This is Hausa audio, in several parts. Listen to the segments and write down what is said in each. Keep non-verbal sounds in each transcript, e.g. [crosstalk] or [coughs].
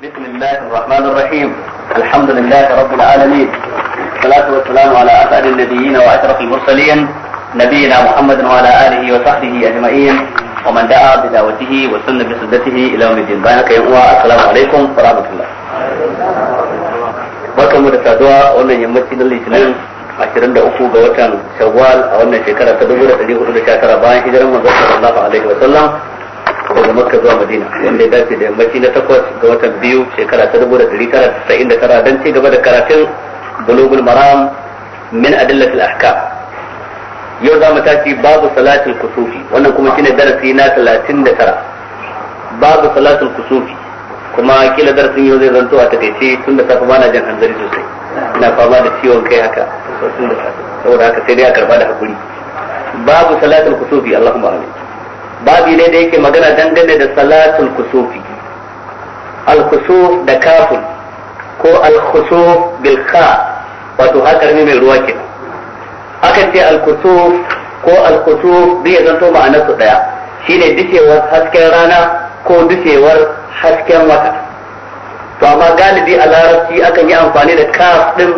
بسم الله الرحمن الرحيم الحمد لله رب العالمين والصلاة والسلام على أسعد النبيين وأشرف المرسلين نبينا محمد وعلى آله وصحبه أجمعين ومن دعا بدعوته وسن بسدته إلى يوم الدين بارك السلام عليكم ورحمة الله barkanmu da saduwa wannan yammaci na litinin 23 ga watan shawwal a wannan shekara ta 1419 bayan hijirar manzon sallallahu alaihi wa sallam daga makka zuwa madina wanda ya dace da yammaci na takwas ga watan biyu shekara ta dubu da ɗari tara tasa'in da tara don ci gaba da karatun bulugul maram min adillatul ahkam yau za mu tashi babu salatul kusufi wannan kuma shine darasi na talatin da tara babu salatul kusufi kuma kila darasin yau zai zanto a takaice tun da safe bana jan hanzari sosai ina fama da ciwon kai haka saboda haka sai dai a karba da hakuri babu salatul kusufi allahumma amin babi ne da yake magana dangane da salatul kusufi al-kusuf da kafun ko al-kusuf bil kha wato hakar ne mai ruwa ke akan ce al-kusuf ko al-kusuf zai zanto ma'anar su daya shine dushewar hasken rana ko dushewar hasken wata to amma galibi a larabci akan yi amfani da kaf din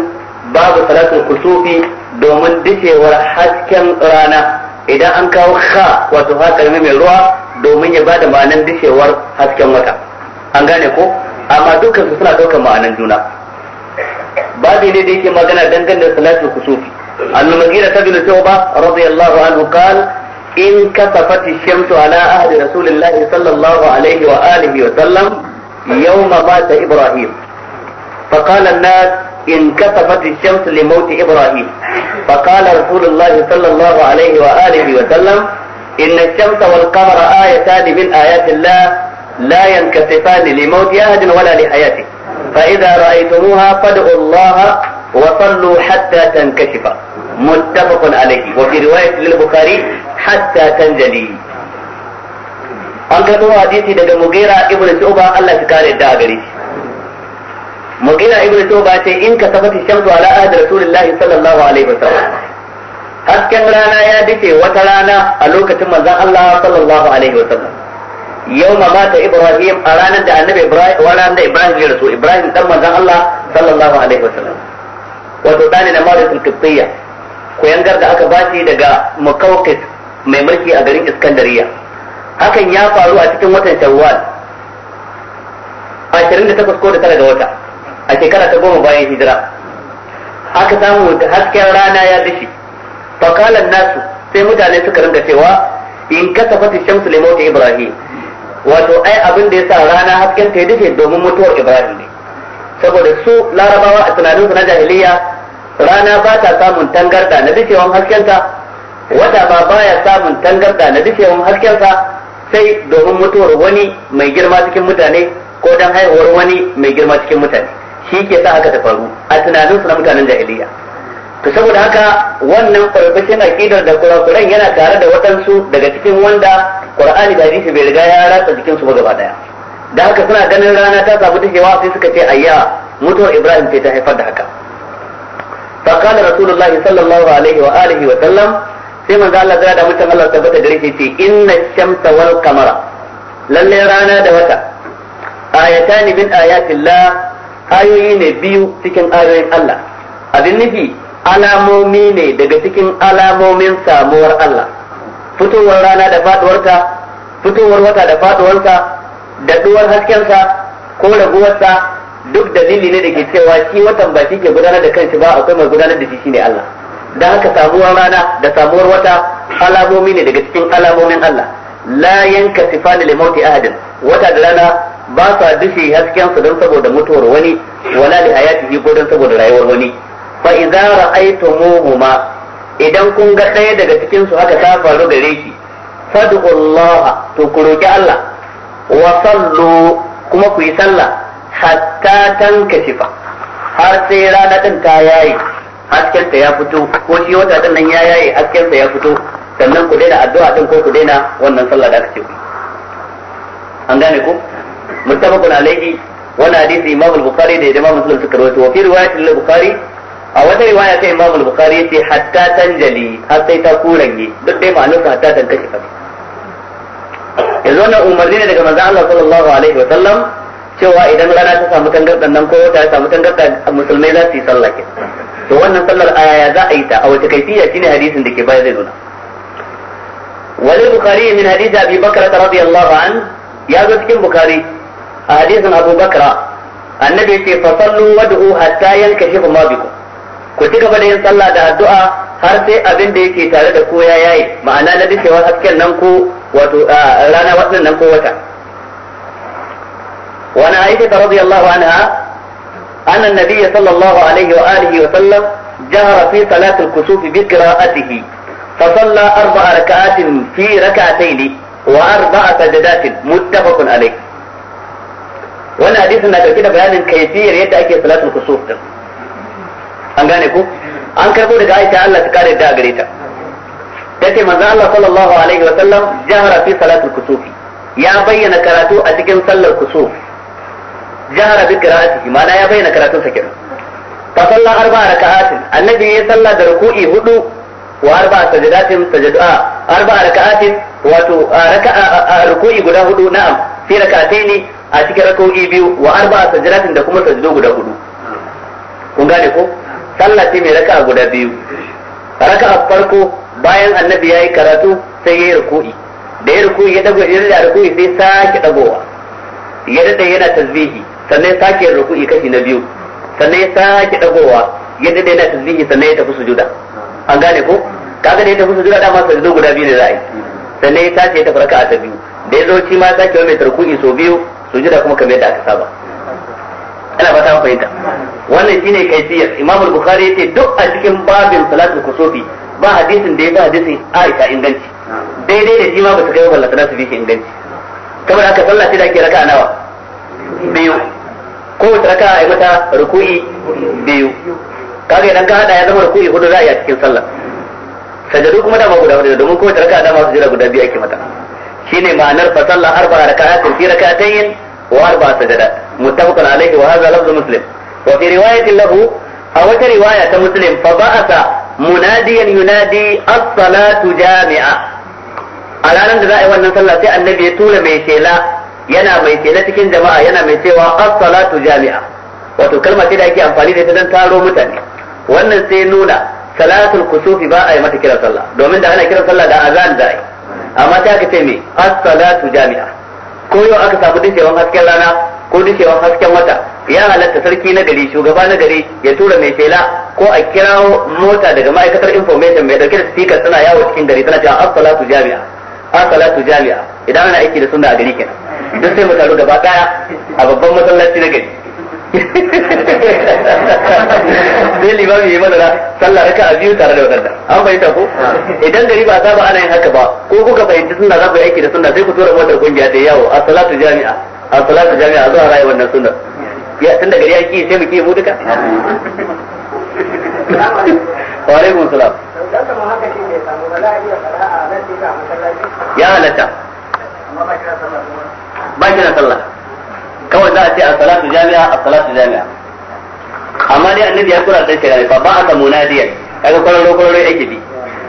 babu salatul kusufi domin dushewar hasken rana idan an kawo kha wato ha kalmi mai ruwa domin ya bada ma'anan dishewar hasken wata an gane ko amma dukkan su suna daukar ma'anan juna babu ne da yake magana dangane da salatul kusufi al-mughira tabin tauba radiyallahu anhu qala in kasafati shamsu ala ahdi rasulillahi sallallahu alaihi wa alihi wa sallam yawma mata ibrahim فقال الناس انكسفت الشمس لموت إبراهيم فقال رسول الله صلى الله عليه وآله وسلم إن الشمس والقمر آيتان من آيات الله لا ينكسفان لموت أحد ولا لحياته فإذا رأيتموها فادعوا الله وصلوا حتى تنكشف متفق عليه وفي رواية للبخاري حتى تنجلي an karɓo hadisi daga mugira ibn shu'ba Allah ya kare da gare shi mughira ibn shuba ce in ka tabati shamsu ala ahdi rasulillahi sallallahu alaihi wasallam hasken rana ya dace wata rana a lokacin manzon Allah sallallahu alaihi wasallam yawma mata ibrahim a ranar da annabi ibrahim wa ranar da ibrahim ya rasu ibrahim dan manzon Allah sallallahu alaihi wasallam wato dani na marisul qibtiyya ku yangar da aka bashi daga mukawqis mai mulki a garin iskandariya hakan ya faru a cikin watan shawwal 28 ko da tara ga wata a shekara ta goma bayan hijira aka samu da hasken rana ya dishe. fakalan nasu sai mutane suka rinka cewa in kasafati shamsu limauti ibrahim wato ai abin da ya sa rana hasken ta ya dace domin mutuwar ibrahim ne saboda su larabawa a tunanin su na jahiliya rana ba ta samun tangarda na dacewan haskenta wata ba baya samun tangarda na dacewan haskensa sai domin mutuwar wani mai girma cikin mutane ko don haihuwar wani mai girma cikin mutane shi ke sa haka ta faru a tunanin su na mutanen jahiliya to saboda haka wannan kwarbacin aqidar da kurakuran yana tare da waɗansu daga cikin wanda qur'ani da hadisi bai riga ya ratsa jikin su ba gaba daya da haka suna ganin rana ta samu dacewa sai suka ce ayya mutuwar ibrahim ce ta haifar da haka fa qala rasulullahi sallallahu alaihi wa alihi wa sallam sai manzo Allah ya da mutan Allah tabbata gare shi ce inna shamsa wal qamara lalle rana da wata ayatani min ayatillah ayoyi ne biyu cikin ayoyin Allah abin nufi alamomi ne daga cikin alamomin samuwar Allah fitowar rana da faduwarta fitowar wata da faduwarsa daɗuwar haskensa ko raguwarsa duk dalili ne da ke cewa shi watan ba shi ke gudanar da kanshi ba akwai mai gudanar da shi shine Allah da haka samuwar rana da samuwar wata alamomi ne daga cikin alamomin Allah la yanka sifani li mauti ahadin wata da rana ba sa dushe hasken su don saboda mutuwar wani wala da hayati ko don saboda rayuwar wani fa idza ra'aytumuhuma idan kun ga ɗaya daga cikin su haka ta faru gare shi fad'ullaha to ku roki Allah wa sallu kuma ku yi sallah hatta tankashifa har sai rana din ta yayi hasken ta ya fito ko shi wata din nan ya yayi hasken ta ya fito sannan ku daina addu'a din ko ku daina wannan sallah da aka ce an gane ko muttafaqun alaihi wani hadisi imam al da imam muslim suka rawaito wa fi riwayat al-bukhari a wata riwaya ta imam al-bukhari yace hatta har sai ta kurange duk dai ma'anar hatta kashi yanzu wannan umarni ne daga manzon Allah sallallahu alaihi wa sallam cewa idan rana ta samu tangardan nan ko wata ta samu tangardan musulmai za su yi sallah ke to wannan sallar ayaya za a yi ta a wace kaifiya shine hadisin da ke zai ya zo cikin bukari. a hadisin Abu Bakra annabi ce fa sallu wad'u hatta yankashifa ma bikum ku ci gaba da yin sallah da addu'a har sai abin da yake tare da ko ya yayi ma'ana na dukewar hasken nan ko wato rana wannan nan ko wata wani aisha ta radiyallahu anha anna nabiyya sallallahu alaihi wa alihi wa sallam jahara fi salatul kusufi bi qira'atihi fa salla arba'a rak'atin fi rak'atayn wa arba'a sajadatin muttafaqun alaihi wannan hadisin na dauke da bayanin kaifiyar yadda ake salatul kusuf din an gane ku an karbo daga Aisha Allah ta kare da gare ta tace manzo Allah sallallahu alaihi wa sallam jahara fi salatul kusufi ya bayyana karatu a cikin sallar kusuf jahara bi qira'atihi ma'ana ya bayyana karatun sa kenan fa salla arba raka'atin annabi ya salla da ruku'i hudu wa arba'a sajadatin sajada'a arba raka'atin wato raka'a ruku'i guda hudu na'am fi raka'ataini a cikin rak'o'i biyu wa a sajiratin da kuma sajido guda hudu kun gane ko sallah ce mai raka guda biyu Raka a farko bayan annabi ya yi karatu sai ya yi ruku'i da ya ruku'i ya dago ya ruku'i sai sake dagowa ya dade yana tasbihi sannan sake ruku'i kashi na biyu sannan ya sake dagowa ya dade yana tasbihi sannan ya tafi sujuda an gane ko kaga da ya tafi sujuda dama sajdu guda biyu ne za yi sannan ya sake ya tafi raka'a ta biyu da ya zo shi ma sake wa mai tarku'i sau biyu sujada kuma kamar yadda aka saba ana fata an fahimta wannan shine kaifiyar imam al-bukhari yace duk a cikin babin salatul kusufi ba hadisin da ya ba hadisin aisha inganci daidai da shi ma ba su kai ballata na su bi shi inganci kamar aka sallah sai da ke raka'a nawa biyu ko kowace raka'a ai mata ruku'i biyu kaga idan ka hada ya zama ruku'i hudu za a yi a cikin sallah sajadu kuma dama guda hudu domin kowace raka'a dama su jira guda biyu ake mata shine ma'anar fa sallah arba'a raka'atin fi raka'atayn وأربع سجدات متفق عليه riwaya لفظ مسلم وفي رواية له أو رواية مسلم فبعث مناديا ينادي الصلاة جامعة a ranar da za a yi wannan sallah sai annabi ya tura mai shela yana mai shela cikin jama'a yana mai cewa as-salatu jami'a wato kalma ce da ake amfani da ita don taro mutane wannan sai nuna salatul kusufi ba a yi mata kiran sallah domin da ana kiran sallah da azan da ai amma ta aka ce me jami'a ko yau aka samu dukewan hasken rana ko dukewan hasken wata ya halatta sarki na gari shugaba na gari ya tura mai shela ko a kirawo mota daga ma'aikatar information mai dauke da speaker tana yawo cikin gari tana cewa as-salatu jami'a as-salatu jami'a idan ana aiki da sunna a gari kenan duk sai mu taru gaba daya a babban masallaci na gari zai limami ya madara sallah raka a biyu tare da wadanda an fahimta ko idan gari ba saba ana yin haka ba ko kuka fahimci sunna za ku yi aiki da sunna sai ku tura motar kungiya da yawo a salatu jami'a a salatu jami'a zuwa rayu wannan sunna ya tun da gari ya ki sai mu ki mu duka wa alaikum salam ya halatta ba kira sallah kawai za a ce a salatu jami'a a salatu jami'a amma dai annabi ya kura da kai fa ba aka munadiyan kaga kwararo kwararo yake bi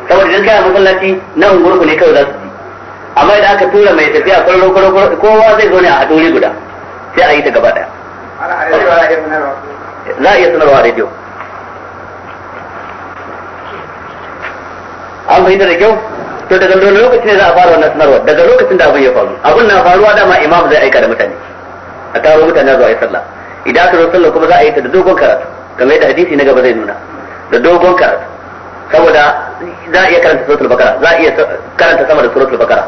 saboda idan kai a masallaci na ungurku ne kawai za su bi amma idan aka tura mai tafiya kwararo kwararo kowa zai zo ne a hadori guda sai a yi ta gaba daya za a iya sanarwa a rediyo an fahimta da kyau to daga lokacin ne za a fara wannan sanarwa daga lokacin da abin ya faru abin na faruwa dama imam zai aika da mutane a taro mutane zuwa yi sallah idan aka zo sallah kuma za a yi ta da dogon karatu kamar yadda hadisi na gaba zai nuna da dogon karatu saboda za a iya karanta suratul bakara za a iya karanta sama da suratul bakara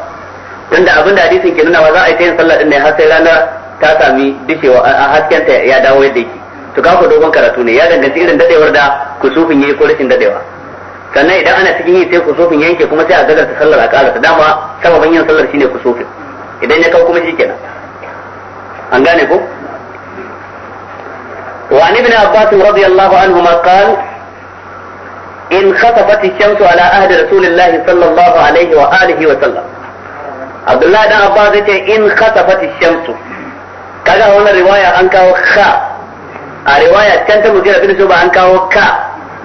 tunda abinda hadisin ke nuna za a yi ta yin sallah din ne har sai rana ta sami dishewa a hasken ta ya dawo yadda yake to ka ku dogon karatu ne ya danganci irin dadewar da kusufin yayi ko rashin dadewa sannan idan ana cikin yi sai kusufin yanke kuma sai a gagarta sallar a ƙara dama sababan yin sallar shine kusufin idan ya kawo kuma shikenan an gane ko wa ibn abbas radiyallahu anhuma qala in khatabat ash-shamsu ala ahd rasulillah sallallahu alayhi wa alihi wa sallam abdullah ibn abbas in khatabat ash-shamsu kaga wannan riwaya an kawo kha a riwaya kan ta mujira bin zuba an kawo ka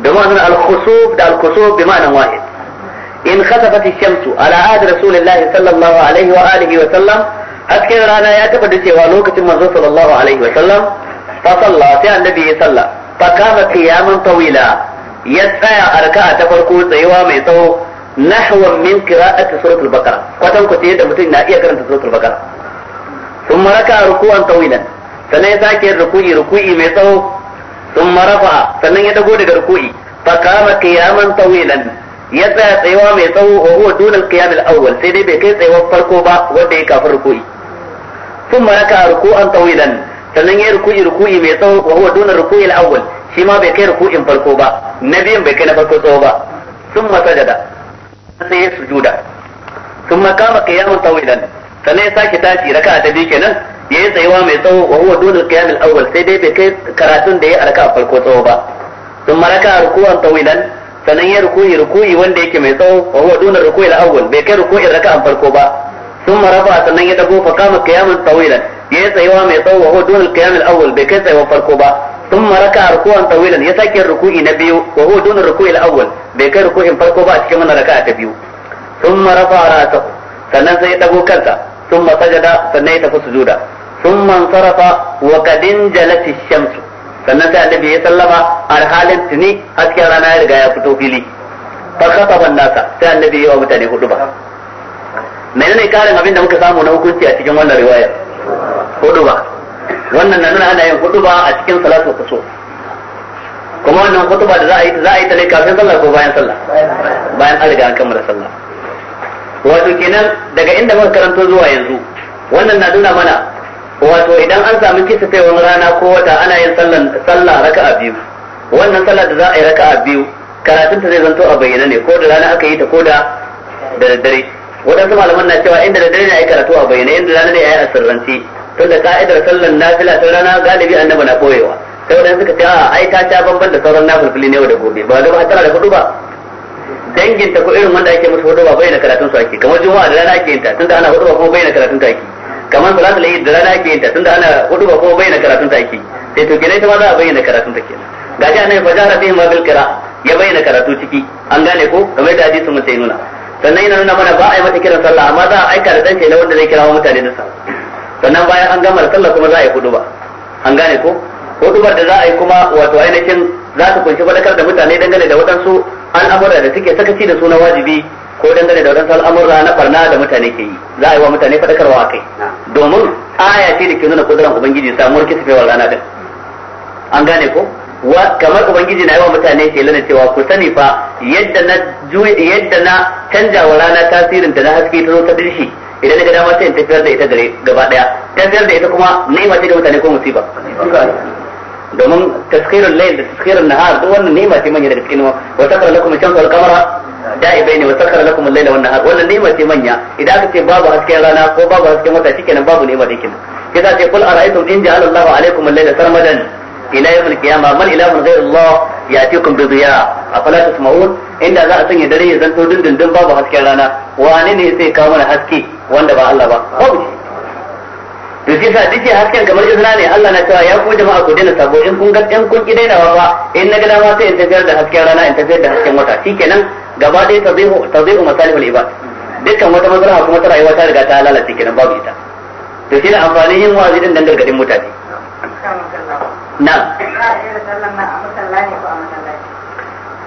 da ma'anar da al-khusuf bi ma'anar in khatabat ash-shamsu ala ahd rasulillah sallallahu alayhi wa alihi wa sallam hasken rana ya taba da cewa lokacin manzo sallallahu alaihi wa sallam fa salla sai annabi ya salla fa kama qiyaman tawila ya tsaya arka'a ta farko tsayuwa mai tsawo nahwan min qira'ati suratul baqara kwatan kwace da mutum na iya karanta suratul baqara thumma raka'a ruku'an tawilan sannan ya sake yin ruku'i ruku'i mai tsawo sun marafa sannan ya dago daga ruku'i fa kama qiyaman tawilan ya tsaya tsayuwa mai tsawo wa huwa dunal qiyam al-awwal sai dai bai kai tsayuwar farko ba wanda ya kafin ruku'i sun ركع ركوعا طويلا sannan ya ruku'i ruku'i mai tsawo wa huwa duna ruku'i al-awwal shi ma bai kai ruku'in farko ba na biyan bai kai na farko tsawo ba sun masajada sannan ya sujuda sun makama qiyamun tawilan sannan ya sake tashi raka'a ta biyu kenan ya yi tsayuwa mai tsawo wa huwa dunul qiyamil awwal sai dai bai kai karatun da ya arka farko tsawo ba sun maraka ruku'an tawilan sannan ya ruku'i ruku'i wanda yake mai tsawo wa huwa ruku'i ruku'il awwal bai kai ruku'in raka'an farko ba ثم رفع sannan ya dago fa kama qiyaman tawilan yi tsayuwa mai tsawo wa dun al-qiyam al-awwal bai kai tsayawan farko ba ثم ركع ركوعا طويلا ya sake ruku'i na biyu wa huwa dun ruku'i al-awwal bai kai ruku'in farko ba a cikin wannan raka'a ta biyu ثم رفع راسه sannan sai ya dago kansa ثم سجد sannan ya tafi sujuda ثم انصرف وقد انجلت الشمس sannan sai annabi ya sallama a halin tuni hasken rana ya riga ya fito fili fa khataban nasa sai annabi ya wa mutane hudu ba menene karin abin da muka samu na hukunci a cikin wannan riwaya hudu ba wannan na nuna ana yin hudu ba a cikin salatu kuso kuma wannan hudu ba da za a yi za a yi ta ne kafin sallah ko bayan sallah bayan an riga an kammala sallah wato kenan daga inda muka karanto zuwa yanzu wannan na nuna mana wato idan an samu kisa wani rana ko wata ana yin sallan sallah raka'a biyu wannan sallah da za a yi raka'a biyu karatunta zai zanto a bayyana ne ko da rana aka yi ta ko da da daddare waɗansu malaman na cewa inda da dare ne yi karatu a bayyane inda rana ne a yi a sirrance tunda ka'idar sallan nafila ta rana galibi annabi na koyewa sai waɗansu suka ce a ai ta sha bambam da sauran nafilfili ne da gobe ba gaba tara da hudu ba dangin ta ko irin wanda ake musu hudu ba bayyana karatun su ake kamar juma'a da rana ake yin ta tun da ana hudu ba kuma bayyana karatun ta ake kamar salatul eid da rana ake yin ta tun da ana hudu ba kuma bayyana karatun ta ake sai to gidan ta ma za a bayyana karatun ta kenan gaji annabi fajara bihi ma bil qira ya bayyana karatu ciki an gane ko kamar da hadisi mun sai nuna sannan yana nuna mana ba a yi mata kiran sallah amma za a aika da dan na wanda zai kira mutane da sallah sannan bayan an gama da sallah kuma za a yi ba an gane ko hudubar da za a yi kuma wato ainihin za ta kunshi faɗakar da mutane dangane da waɗansu al'amura da suke sakaci da suna wajibi ko dangane da waɗansu al'amura na farna da mutane ke yi za a yi wa mutane faɗakar a kai domin aya ce da ke nuna kudurar ubangiji samuwar kisafewar rana din an gane ko wa kamar ubangiji na yawa mutane ke lana cewa ku sani fa yadda na yadda na canja wa rana tasirin ta na haske ta zo ta dirshi idan na dama sai in tafiyar da ita gare gaba daya tafiyar da ita kuma ni'ima ce ga mutane ko musiba domin taskirul layl da taskirul nahar duk wannan ni'ima ce manya daga cikin wa sakara lakum shamsu wal qamara da'ibaini wa sakara lakum al-layla wan nahar wannan ni'ima ce manya idan aka ce babu hasken rana ko babu hasken wata shikenan babu ni'ima da yake kisa ce kul ara'aytum in ja'ala Allahu alaykum al-layla sarmadan ila yawmil qiyama man ilahun ghayr Allah yatikum bi dhiya afala tasma'un inda za a sanya dare ya zanto dindindin babu hasken rana wane ne sai kawo mana haske wanda ba Allah ba duk to duk hasken kamar izina ne Allah na cewa ya ku jama'a ku daina sabo in kun ga kun ki daina ba in na gada ma sai in tafiyar da hasken rana in tafiyar da hasken wata shikenan gaba ɗaya ta tazihu masalihul ibad dukkan wata maslaha kuma ta rayuwa ta riga ta lalace kenan babu ita to shi ne amfanin yin wa'azi din dan gargadin mutane nan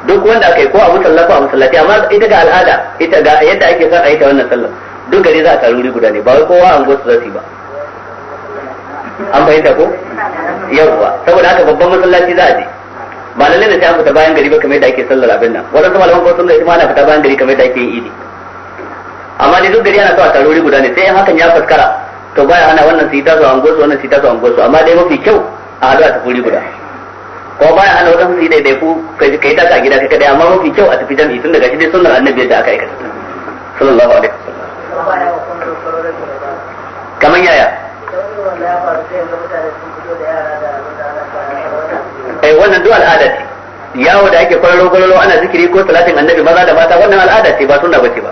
duk wanda aka yi ko a musallaci ko a musallaci amma ita ga al'ada ita ga yadda ake son a yi ta wannan sallar duk gari za a taru wuri guda ne ba wai kowa an gosu za yi ba an fahimta ko yawwa saboda haka babban masallaci za a je ba lalle da sai an fita bayan gari ba kamar yadda ake sallar abin nan waɗansu malaman ko sun da ita ma ana fita bayan gari kamar yadda ake yin idi amma dai duk gari ana so a taru wuri guda ne sai hakan ya faskara to baya ana wannan su yi taso an gosu wannan su yi an gosu amma dai mafi kyau a haɗu a tafi wuri guda ko baya hana wadansu su yi ku ka yi taka a gida kai kadai amma mafi kyau a tafi jami'i tun daga shi dai sunnar annabi yadda aka aikata sallallahu alaihi wasallam kamar yaya ai eh, wannan duk al'ada ce yawo da ake kwararo kwararo ana zikiri ko talatin annabi maza da mata wannan al'ada ce ba sunna bace ba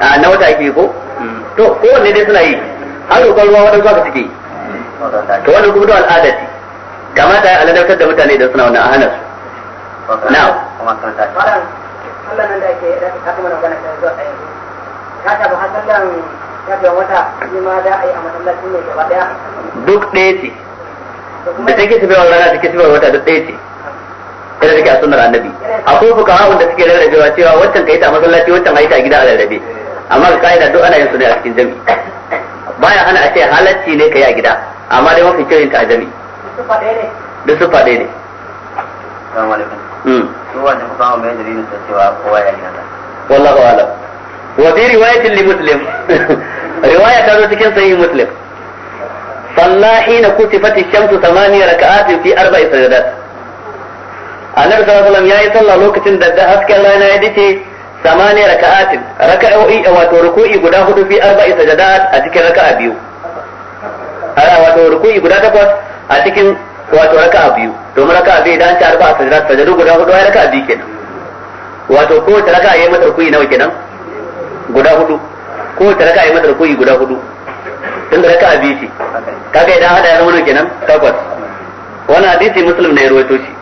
a na wata ake ko hmm. to kowanne dai suna yi har roƙon ruwa wadansu haka suke yi to wannan kuma da al'ada ce yi ya aladautar da mutane da suna wannan ahana su na'am nan da ake da ta kuma magana ta zuwa a yanzu ka ta ba ta kafin wata shi ma da a yi a masallacin ne gaba daya duk ɗaya ce da take ke rana wata duk ɗaya ce kada take a sunnar annabi akwai wanda suke rarrabewa cewa waccan ka yi ta masallaci waccan ka yi ta gida a rarrabe amma ka'ida duk ana yin su ne a cikin jami'i baya hana a ce halacci ne ka yi a gida amma dai mafi kirin ta ajami duk hmm. su faɗe ne wallahu alam wa fi riwayatin li muslim [laughs] riwaya ta zo cikin sahih muslim a حين كتفت الشمس ثمانية ركعات في أربع سجدات. النبي صلى الله عليه وسلم يا lokacin لوكة دد ya dace. samani raka'atin raka'o'i wato ruku'i guda hudu fi arba'i sajadat a cikin raka'a biyu ara wato ruku'i guda takwas a cikin wato raka'a biyu domin raka'a biyu idan ta arba'a sajadat sajadu guda hudu ai raka'a biyu kenan wato ko ta raka'a yayi mata ruku'i nawa kenan guda hudu ko ta raka'a yayi mata ruku'i guda hudu da raka'a biyu ce kaga idan hada ya zama nawa kenan takwas wannan hadisi muslim ne ya rawaito shi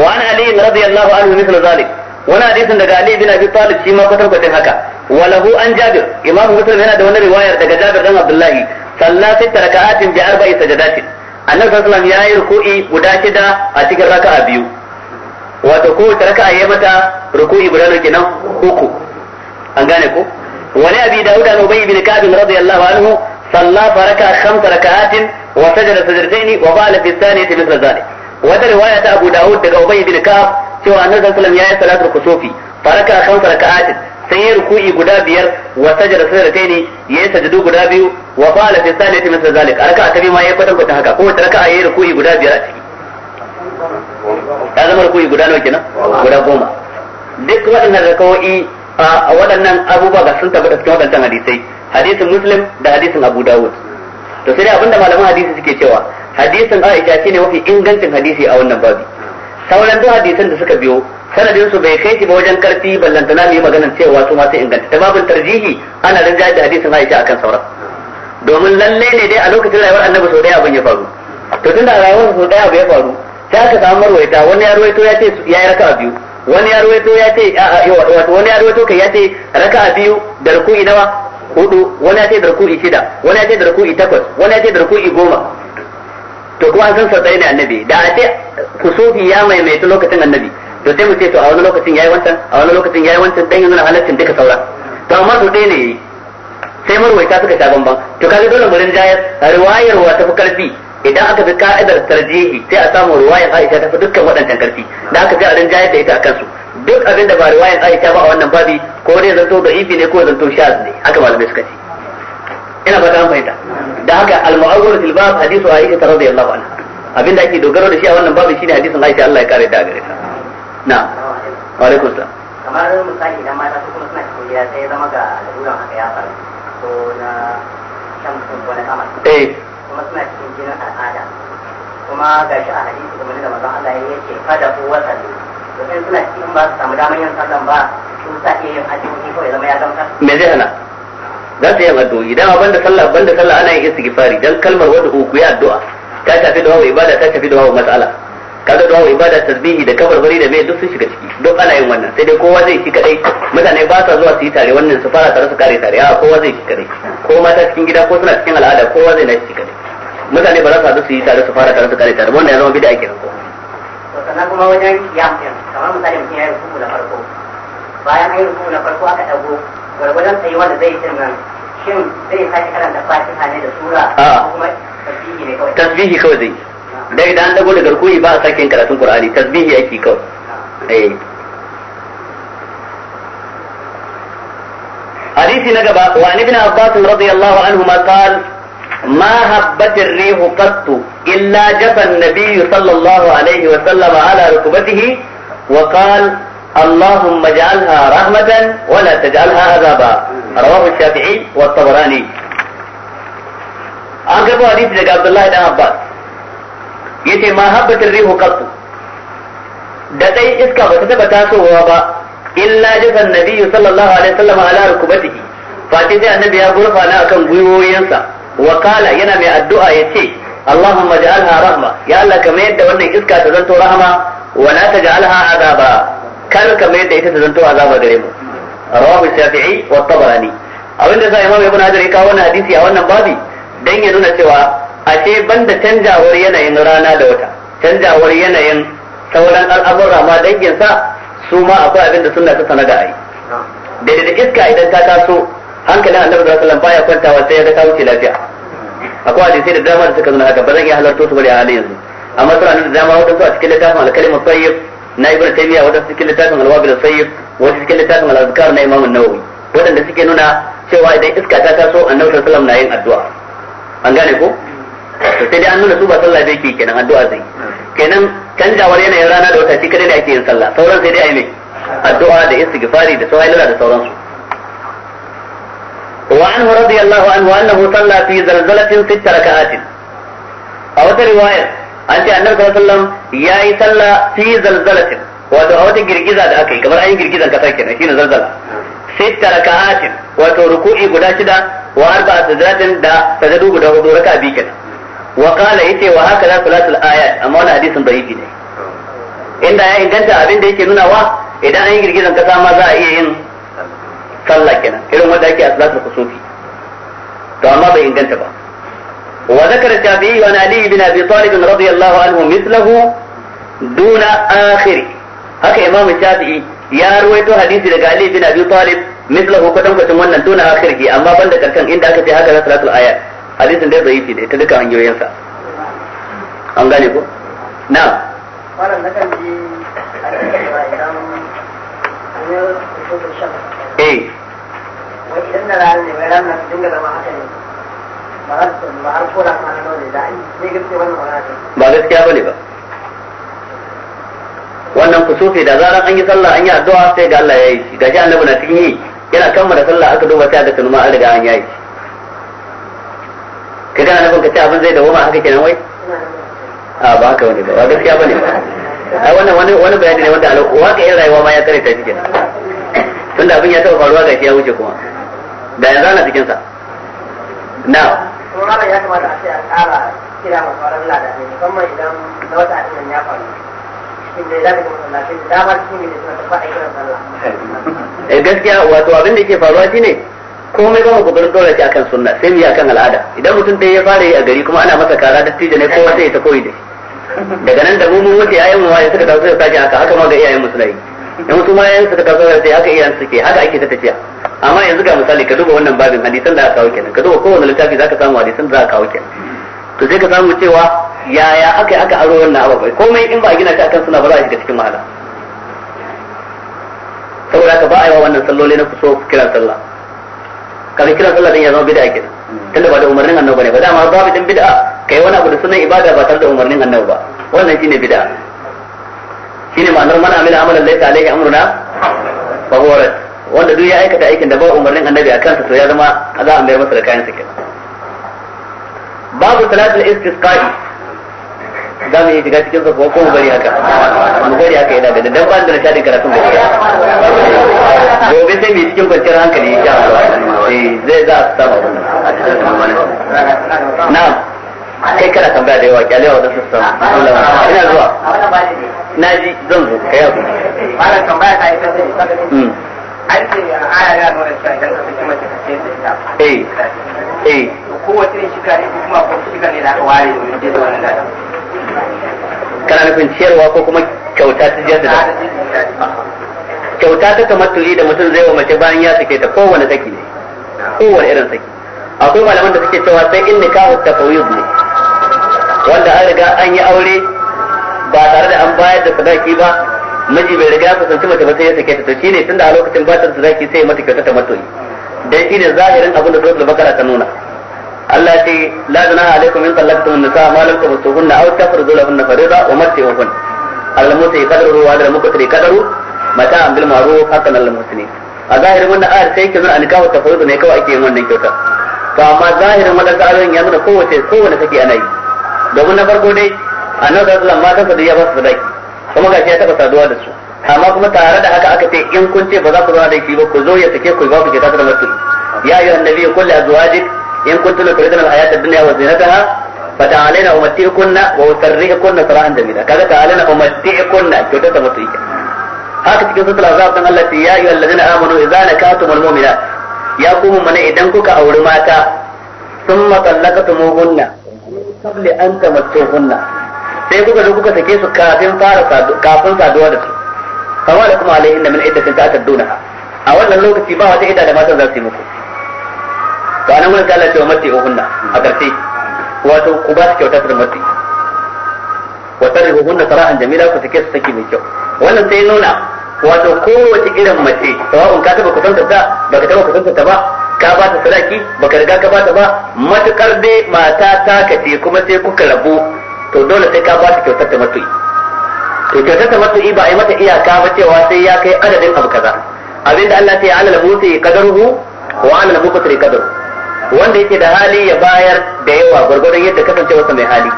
wa an ali radiyallahu anhu mithlu zalik wani hadisin daga Ali bin Abi Talib shi ma kwatar kwatin haka walahu an Jabir Imam Muslim yana da wani riwayar daga Jabir dan Abdullahi salla sita raka'atin bi arba'i sajadatin annabi sallallahu alaihi wasallam yayi ruku'i guda shida a cikin raka'a biyu wato ko raka'a yayi mata ruku'i guda ne kenan uku an gane ko wani abi Dawud an Ubay bin Ka'b radiyallahu anhu salla faraka khamsa raka'atin wa sajada sajadatain wa qala fi thaniyati mithla dhalik wata riwaya ta Abu Dawud daga Ubay bin Ka'b cewa annabi sallallahu alaihi wasallam yayi salatul kusufi faraka khamsa raka'atin sai ya ruku'i guda biyar wa sajada sajdataini yayi sajadu guda biyu wa fa'ala fi salati min zalik raka'a ta biyu ma yayi kwatan kwata haka ko wata raka'a yayi ruku'i guda biyar a ciki ya zama ruku'i guda nawa kenan guda goma duk waɗannan rakawo'i a waɗannan abubuwa ga sun tabbata cikin waɗannan hadisai hadisin muslim da hadisin abu dawud to sai dai abinda malaman hadisi suke cewa hadisin aisha shine mafi ingancin hadisi a wannan babi sauran duk hadisan da suka biyo sanadin su bai kai shi ba wajen karfi ballantana mu yi maganar cewa su masu inganta ta babin tarjihi ana rinja da hadisin Aisha akan sauran domin lalle ne dai a lokacin rayuwar Annabi sau daya abin ya faru to tunda rayuwar sau daya abu ya faru sai aka samu marwaita wani ya ruwaito ya ce ya yi raka'a biyu wani ya ruwaito ya ce wani ya ruwaito kai ya ce raka'a biyu da ruku'i nawa hudu wani ya ce da ruku'i shida wani ya ce da ruku'i takwas wani ya ce da ruku'i goma to kuma an san sau ɗaya ne annabi da a ce ku sofi ya maimaitu lokacin annabi to sai mu ce to a wani lokacin yayi wancan a wani lokacin yayi wancan dan yanzu na halaccin duka saura to amma su ɗaya ne yi, sai marwaita suka sha bamban to kaga dole mu jayar riwayar wa ta fi karfi idan aka bi ka'idar tarjihi sai a samu riwayar Aisha ta fi dukkan waɗancan karfi da aka sai a jayar da ita a kansu duk abin da ba riwayar Aisha ba a wannan babi ko dai zanto da ifi ne ko zanto shaz ne haka malamai suka ce ina fata an fahimta da haka al-mu'awwal fil bab hadithu Aisha radiyallahu anha abinda ake dogaro da shi a wannan babin shine hadisin Aisha Allah ya kare ta gare ta na'am wa alaikum salam kamar misali idan mata su kuma suna cikin gida sai zama ga laluran haka ya faru ko na shan mutum ko na kama eh kuma suna cikin jinin al'ada kuma ga shi a hadisi kuma da manzon Allah ya ce fada ko wata ne to sai suna cikin ba su samu damar yin sallan ba su sa iya yin ajiyoyi ko ya zama ya gamsar me zai hana za su yi addu'o'i idan banda sallah banda sallah ana yin istighfari dan kalmar wadda ku yi addu'a ta shafi wa ibada ta shafi du'a mas'ala kaga wa ibada tasbihi da bari da mai duk sun shiga ciki duk ana yin wannan sai dai kowa zai shi kadai mutane ba sa zuwa su yi tare wannan su fara tare su kare tare a kowa zai shi kadai ko mata cikin gida ko suna cikin al'ada kowa zai na shi kadai mutane ba za su haɗu su yi tare su fara tare su kare tare wannan ya zama bid'a kenan ko sannan kuma wajen yankin kamar mutane mutum ya yi rukuku na farko bayan ya yi rukuku na farko aka ɗago gwargwadon tsayuwar da zai cin shin zai sake karanta fatiha ne da sura ko kuma tasbihi ne kawai tasbihi kawai zai da idan an dago da garkuwi ba a sake karatun qur'ani tasbihi ake kawai eh حديث نجبة وعن ابن عباس رضي الله عنهما قال ما هبت الريح قط إلا جف النبي صلى الله عليه وسلم على ركبته وقال اللهم اجعلها رحمة ولا تجعلها عذابا رواه الشافعي والطبراني an karɓo hadisi daga Abdullahi dan Abbas yace ma habbatin rihu qattu da dai iska ba ta taba tasowa ba illa jazan nabiyyu sallallahu alaihi wasallam ala rukbatihi fati sai annabi ya gurfana akan gwiwoyinsa Wakala yana mai addu'a ya ce. ja'alha rahma ya Allah ka mayar da wannan iska ta zanto rahama azaba kar ka mai da ita ta zanto zama gare mu rawahu shafi'i wa tabarani abinda sa imam ibn hajar ya kawo wannan hadisi a wannan babi dan ya nuna cewa ashe banda canjawar yanayin rana da wata canjawar yanayin sauran al'amura ma dangin sa su ma akwai abin da sunna ta sanada ai daidai da iska idan ta taso hankalin annabi sallallahu alaihi wasallam baya kwantawa sai ya ga ta wuce lafiya akwai hadisai da dama da suka nuna haka ba zan iya halarta su bari a halin yanzu amma suna da dama wadansu a cikin littafin alkalimin tayyib na ibn taymiya wadanda suke littafin al-wabil sayyid wanda suke littafin al-azkar na imam an-nawawi wadanda suke nuna cewa idan iska ta taso annabi sallallahu alaihi wasallam na yin addu'a an gane ko to sai dai an nuna su ba sallah bai yake kenan addu'a zai kenan canjawar yanayin rana da wata shi kadai da ake yin sallah sauran sai dai ayi mai addu'a da istighfari da sawailala da sauransu وعنه رضي anhu عنه أنه صلى في زلزلة ka'atin. A wata riwayar. an ce annabi sallallahu alaihi wasallam yayi sallah fi zalzalatin wato a wata girgiza da aka yi kamar an yi girgizan kasa kenan shine zalzala sitta raka'atin wato ruku'i guda shida wa arba sajdatin da sajadu guda hudu raka'a bi kenan wa qala yace wa haka za salatul ayat amma wannan hadisin yi ne inda ya inganta abin da yake nuna wa idan an yi girgizan kasa ma za a iya yin sallah kenan irin wanda ake a salatul kusufi to amma bai inganta ba وذكر الشافعي عن علي بن ابي طالب رضي الله عنه مثله دون اخره هكا امام daga علي بن ابي طالب مثله كدن كدن wannan دون اخره amma banda karkan inda aka ce haka salatul ayat hadisin da zaifi da ita duka hanyoyin an gane ko na'am wannan nakan ji a cikin bayan eh wai idan na ranar ne bayan ranar dinga ba gaskiya bane ba wannan kusufi da zaran an yi sallah an yi addu'a sai ga Allah ya yi shi gashi annabi na cikin yi yana kammala sallah aka duba sai da tunuma an riga an yi ka ga annabi ka ce abin zai dawo ma haka kenan wai a ba haka wani ba ba gaskiya bane ba ai wannan wani wani bayani ne wanda waka yin rayuwa ma ya kare ta cikin tunda abin ya taba faruwa shi ya wuce kuma da yanzu ana cikin sa na'am kuma malam ya kamata a ce a ƙara kira masu wani ladabi musamman idan na wata adinin ya faru eh, gaskiya wato abin da ke faruwa shine komai ba mu kokarin dora shi akan sunna sai mu akan al'ada idan mutum dai ya fara yi a gari kuma ana masa kara da tije ne kowa sai ta koyi da daga nan da mu mun wuce ayyukan mu suka taso da sake haka haka ma ga iyayen mu suna yi dan su ma yayin suka taso sai haka iyayen suke haka ake ta tafiya amma yanzu ga misali ka duba wannan babin hadisan da aka kawo kenan ka duba kowane littafi zaka samu hadisan da aka kawo kenan to sai ka samu cewa yaya aka aka aro wannan ababai komai in ba a gina shi akan suna ba za a shiga cikin mahala saboda haka ba a yi wa wannan salloli na kuso kiran sallah kaga kiran sallah din ya zama bid'a kenan tunda ba da umarnin annabi ne ba dama babu din bid'a kai wani abu da sunan ibada ba tare da umarnin annabi ba wannan shine bid'a shine ma'anar mana amila amalan laysa alaihi amruna fa huwa wanda duk ya aikata aikin da ba umarnin annabi a kansa to ya zama za a mayar masa da kayan sakin babu salatul istisqa'i za mu iya shiga cikin sa ko mu bari haka mu bari haka yana da dan ban da nishadin karatun gobe gobe sai mu cikin kwanciyar hankali ya Allah eh zai za a samu na'am kai kana tambaya da yawa kyalewa da sassa ina zuwa na ji zan zo kai abu malam tambaya ta sai a nuna eh, eh. kowace shiga ne kuma shiga ne da aka ware da kana nufin ciyarwa ko kuma kyauta ta jiyar da kyauta ta kamar turi da mutum zai wa mace bayan ya sake ta kowane saki ne kowane irin saki akwai malaman da suke cewa sai in nikahu tafawid ne wanda an riga an yi aure ba tare da an bayar da sadaki ba miji bai riga ya kusanci mace ba sai ya sake ta to shine tunda a lokacin ba ta da zaki sai mata kyauta ta matoyi dan shine zahirin abin da suratul bakara ta nuna Allah ya ce la zina alaikum in talaqtum an-nisa ma lam tabtuhunna aw tafrudu lahunna fariida wa matihun al-muti qadruhu wa al-muqtari mata an bil ma'ruf hakan lil-muslimin a zahirin wannan ayar sai yake nuna nikahu tafridu ne kawai ake yin wannan kyauta to amma zahirin wannan ayoyin ya nuna kowace kowace take ana yi domin na farko dai annabi sallallahu alaihi wasallam da ya ba su sadaki kuma ga ya taɓa saduwa da su amma kuma tare da haka aka ce in kun ce ba za ku zauna da shi ba ku zo ya sake ku ba ku ke da mutum ya ayyuha annabi kulli azwajik in kuntum turidun al-hayata ad-dunya wa zinataha fata'alaina umatti'kunna wa usarrihukunna sarahan jamila kaga ta'alaina umatti'kunna to ta mutum haka cikin sura azab dan Allah ya ayyuha alladhina amanu idza nakatumul mu'minat ya ku mana idan kuka auri mata thumma talaqtumuhunna qabla an tamattuhunna sai kuka zo kuka sake su kafin fara kafin saduwa da su kama da kuma alaihin da min iddatin ta tadduna a wannan lokaci ba wata idda da matan za su yi muku to anan gurin Allah cewa mati uhunna a karshe wato ku ba su kyauta da mati wa tarihunna sarahan jamila ku sake su saki mai kyau wannan sai nuna wato kowace irin mace sawa'un ka taba kusanta ta baka taba kusanta ta ba ka ba ta sadaki baka riga ka ba ta ba matukar dai mata ta kace kuma sai kuka rabu to dole sai ka ba shi kyautar ta matu'i to kyautar ta matu'i ba a yi mata iyaka ba cewa sai ya kai adadin abu kaza abinda Allah ta yi alal musi hu wa alal ya qadaru wanda yake da hali ya bayar da yawa gwargwadon yadda kasance wata mai hali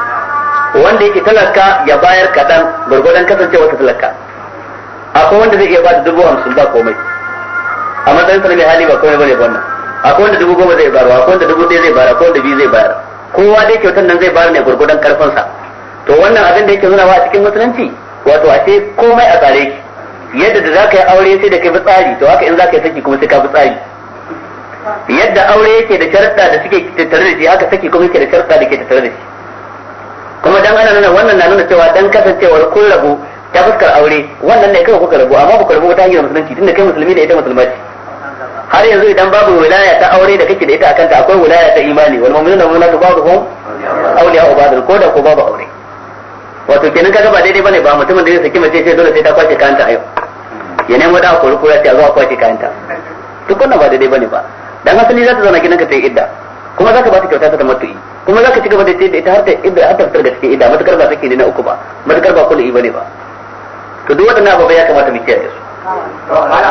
wanda yake talaka ya bayar kadan kasance wata talaka akwai wanda zai iya ba da dubu hamsin ba komai a matsayin sa mai hali ba komai bane wannan akwai wanda dubu goma zai bayar akwai wanda dubu ɗaya zai bayar akwai wanda biyu zai bayar kowa dai kyautar nan zai bayar ne gwargwadon karfinsa to wannan abin da yake nuna a cikin musulunci wato a ce komai a tsare ki yadda da zaka yi aure sai da kai tsari to haka in zaka yi saki kuma sai ka bi tsari yadda aure yake da sharuɗa da suke tattare da shi haka saki kuma yake da sharuɗa da ke tattare da shi kuma dan ana nuna wannan na nuna cewa dan kasancewar kun rabu ta fuskar aure wannan ne kai kuka rabu amma kuka rabu ta hanyar musulunci tunda kai musulmi da ita musulma ce har yanzu idan babu wilaya ta aure da kake da ita akan ta akwai wilaya ta imani wal mu'minuna mu'minatu ba'dhum awliya'u ba'd ko da ko babu aure wato kenan kaga ba daidai bane ba mutumin da zai saki mace sai dole sai ta kwace kanta yau ya nemo da kuri kura ta zuwa kwace kanta duk wannan ba daidai bane ba dan asali za ta zauna gidan ka ta idda kuma za ka ba ta kyauta ta tamattu'i kuma za ka ci gaba da ita har ta idda har ta fitar cikin idda matukar ba take ne na uku ba matukar ba kulli bane ba to duk waɗannan ba ya kamata mu kiyaye su daman sai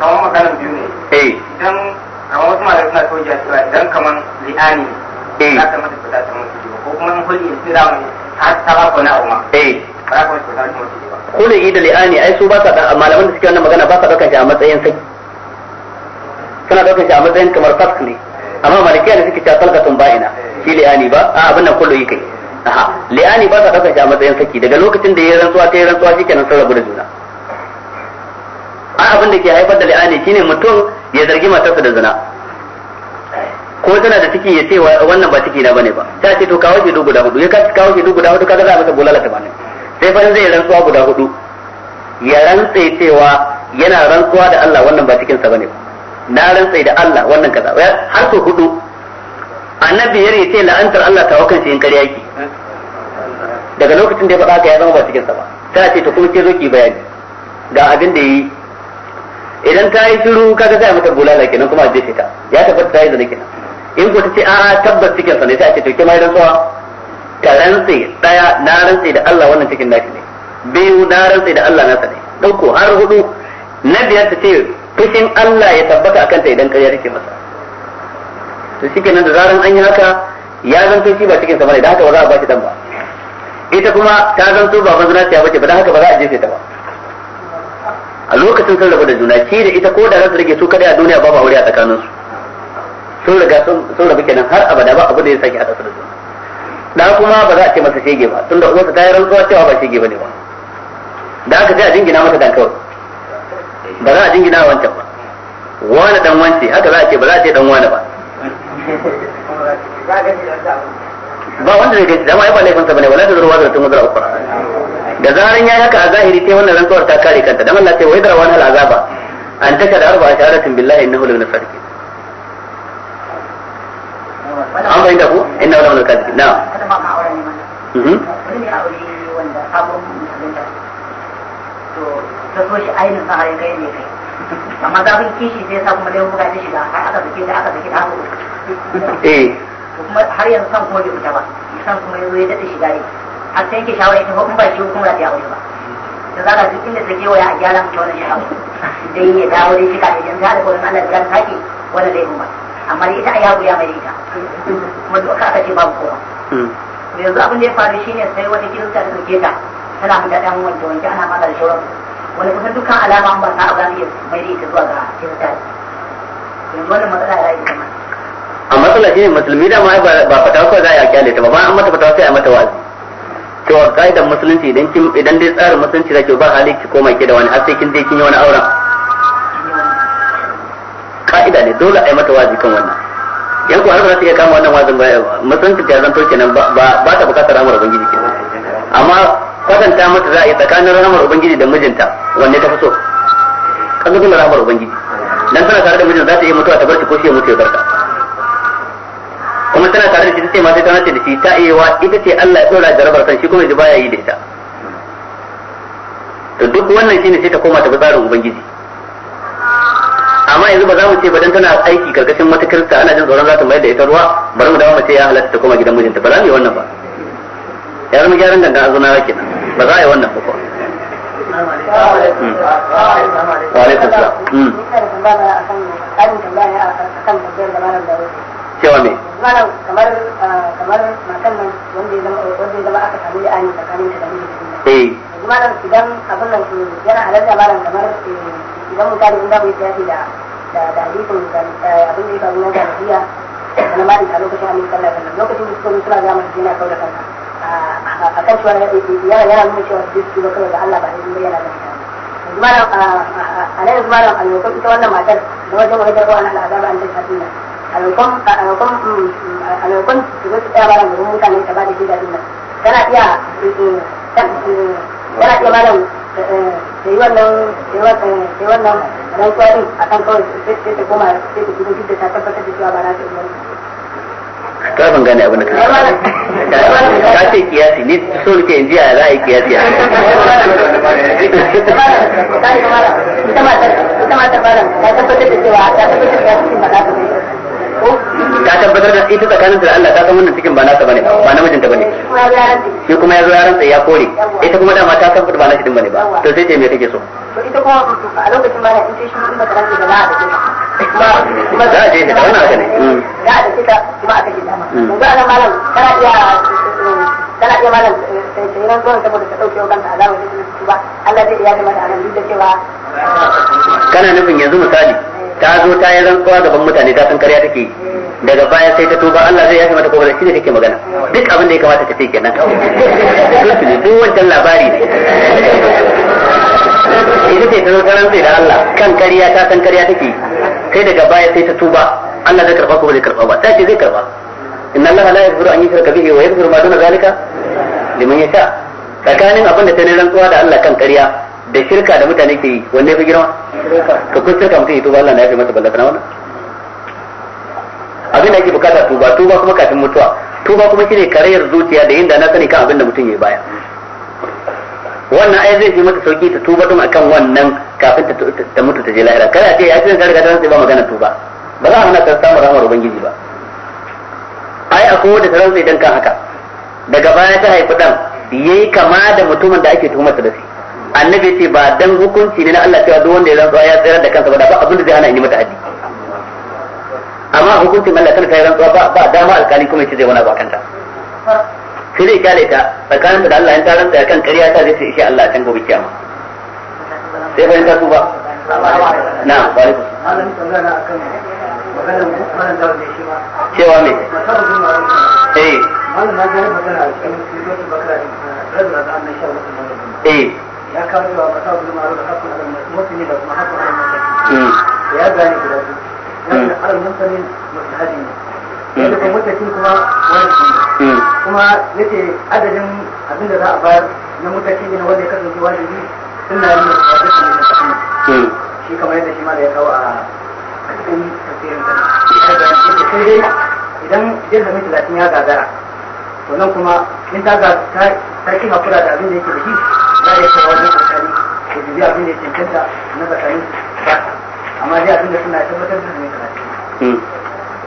kamar maganar biyu ne eh. idan kamar wasu malamai suna so ya idan kamar li'ani eh. za ta mata ta mutu mun yi sira mu har na umma eh ba da li'ani ai su ba sa da malaman da suke wannan magana ba sa daukan shi a matsayin saki suna daukan shi a matsayin kamar fask ne eh. amma malikiya ne suke ta tun ba'ina eh. shi li'ani ba a abin nan kullu kai aha li'ani ba sa daukan shi a matsayin saki daga lokacin da ya rantsuwa ta yi rantsuwa shikenan sun rabu da juna a abin da ke haifar da li'ani shine mutum ya zargi matarsa da zina ko tana da ciki ya ce wannan ba ciki na bane ba ta ce to kawo shaidu guda hudu ya kawo shaidu guda hudu kaga za a masa ta bane sai fa zai rantsuwa guda hudu ya rantsai cewa yana rantsuwa da Allah wannan ba cikin sa bane ba na rantsai da Allah wannan kaza har so hudu annabi ya ce la'antar Allah ta wakan shi in kariya ki daga lokacin da ya faɗa ka ya zama ba cikin sa ba ta ce to kuma ke zo ki bayani ga abin da yi idan ta yi shiru kaga sai mata bulala kenan kuma a jefe ta ya tabbata ta yi zina kenan in ku ce a tabbas cikin sa ne sai a ce to ke idan rantsuwa ka rantse daya na rantsi da Allah wannan cikin naki ne biyu na rantsi da Allah nasa ne dauko har hudu na biyar ta ce fushin Allah ya tabbata akan ta idan ƙarya take masa to kenan da zaran an yi haka ya zanto shi ba cikin sa bane da haka ba za a ba shi dan ba ita kuma ta zanto ba ta bace ba da haka ba za a jefe ta ba a lokacin sun rabu da juna ki da ita ko da za su rage su kada a duniya babu aure a tsakaninsu sun riga sun rabu kenan har abada ba abu da ya sake hada su da juna da kuma ba za a ce masa shege ba tunda uwar ta yi rantsuwa cewa ba shege bane ba da aka ce a jingina masa dan kawai ba za a jingina a wancan ba wani dan wance haka za a ce ba za a ce dan wani ba ba wanda zai gaji dama ai ba laifin sa bane wala ta zurwa da tun wazara ukura da zaran ya haka a zahiri sai wannan rantsuwar ta kare kanta dan Allah sai wai da wani al'azaba an taka da arba'a shahadatin billahi innahu na sadiqin an bai da ku wala wala kishi kuma har da yanzu san kuma bai ba san kuma yanzu ya shiga ne har sai yake shawara kuma ba shi kuma da ta aure ba da za duk inda take waya a gyara wannan shawara dai ya dawo dai shi ka da yanzu har da kwanan Allah ya ta wannan laifin ba amma ita a yago ya mai ita kuma duka aka ce babu kowa hmm. yanzu abin da ya faru shine sai wani kirista da suke ta tana mu daɗin wanke wanke ana mata da shauran wani kusan dukkan alama an ba ta abu zai mai da ita zuwa ga kirista yanzu wannan matsala ya yi kamar amma matsala shine musulmi da ma ba fatawa kawai za a yi a kyale ta ba an mata fatawa sai a mata wazi cewa ka'idar musulunci idan dai tsarin musulunci zaki ba hali ki koma ke da wani har sai kin je kin yi wani auren ka'ida ne dole a yi mata wazi kan wannan yan kuma har ba su iya kama wannan wazin ba musulunci ta zanto kenan ba ba ta bukatar ramar ubangiji kenan amma kwatanta mata za a yi tsakanin ramar ubangiji da mijinta wanne ta so kan dole ramar ubangiji dan tana tare da mijin za ta iya mutuwa ta bar shi ko shi ya mutu ya barka kuma tana tare da shi sai ma sai ta nace da shi ta iya wa ita ce Allah ya dora rabar kan shi kuma ji baya yi da ita to duk wannan shine sai ta koma ta bi tsarin ubangiji amma yanzu ba za mu ce ba dan tana aiki karkashin wata kirista ana jin tsoron za ta mayar da ita ruwa bari mu dawo mu ce ya halatta ta koma gidan mijinta ba za mu yi wannan ba yar mu gyaran dangan azuna yake ba za a yi wannan ba ko hmm. wa alaikum salam hmm. cewa kamar ah, kamar nan wanda ya zama wanda ya zama aka samu tsakanin da mijinta eh idan abin nan yana malam kamar eh, idan misali in babu yadda da da hadisin abin da ya faru na na malin a lokacin amin sallah sallah lokacin da suka suna gama kawai da kanka a kan cewa yana yana nuna cewa su su kawai da Allah ba da jimbai yana da a nan a lokacin ita wannan matar da wajen wani jarwa na al'azaba an tashi hatina a a su zo su tsaya da mutane ta ba da shi da tana iya tana iya ta yi wannan ta wannan rantsuwa din a kan kawai sai ta koma sai ta gudu da ta tabbatar da cewa ba na ta yi ka ban gane abin da ka ka ce kiyasi ni so nake in jiya za a yi kiyasi a ita matar ita matar malam ta tabbatar da cewa ta tabbatar da cewa cikin ba za ta ka tabbatar da ita tsakanin da Allah ta san wannan cikin ba nasa bane ba na mijinta bane shi kuma ya yazo yaran sai ya kore ita kuma dama ta san ba na shi din bane ba to sai ce me kake so ita kuma mm, mm, a lokacin ba in ce shi in ba karanta da ba a za a je ta wannan haka ne za a je ta kuma aka ji dama yanzu ana malam kana iya kana eh, iya malam sai eh, eh, ran zuwa saboda ta dauke kanta azabar da ba Allah zai iya da mata da cewa kana nufin yanzu misali ta zo ta yi rantsuwa gaban mutane ta san karya take daga baya sai ta tuba Allah zai yafe mata ko bazai kike magana duk abin da ya kamata ka ce kenan duk wancan labari ne idan ce ta zo ta da Allah kan karya ta san karya take sai daga baya sai ta tuba Allah zai karba ko bazai karba ba ta zai karba inna Allah la yaghfiru an yushraka bihi wa yaghfiru ma duna zalika liman yasha tsakanin abin da ta ne rantsuwa da Allah kan karya da shirka da mutane ke yi wanne fi girma ka kun shirka mutum yi tuba Allah na yafe masa ballata na wannan abin da ake bukata tuba tuba kuma kafin mutuwa tuba kuma shine karayar zuciya da yinda na sani kan abin da mutum ya baya wannan ai zai yi mata sauki ta tuba tun akan wannan kafin ta mutu ta je lahira kada ce ya ce ka riga ta sai ba magana tuba ba za a hana ta samu rahmar ubangiji ba ai akwai wanda ta rantsa idan kan haka daga baya ta haifi dan yayi kama da mutumin da ake tuhumar da shi annabi ce ba dan hukunci ne na Allah cewa duk wanda ya rantsuwa ya tsayar da kansa ba da ba abin da zai hana in yi mata haddi amma hukuncin Allah kan kai rantsuwa ba ba dama alkali kuma yace zai wani ba kanta sai dai kyale ta tsakanin da Allah in ta rantsa kan ƙarya ta zai ce insha Allah can gobe kiyama sai bayan ta tuba na'am wa alaikum cewa me eh كانوا وقصوا بالمعروف حق على المسلمين وحق على المسلمين يا بني kuma mutakin kuma wani kuma yace adadin abin da za a bayar na mutaki ne wanda ya kasance wajibi suna yin da ya kasance shi kamar yadda shi ma da ya kawo a cikin tafsirin sa sai dai idan jirgin talatin ya gagara to nan kuma in ta sarki hakura da abin da yake da shi za a yi shawarar da tsakani da dubi abin da ya cancanta na tsakani ba amma dai abin da suna tabbatar da ne karatu hmm.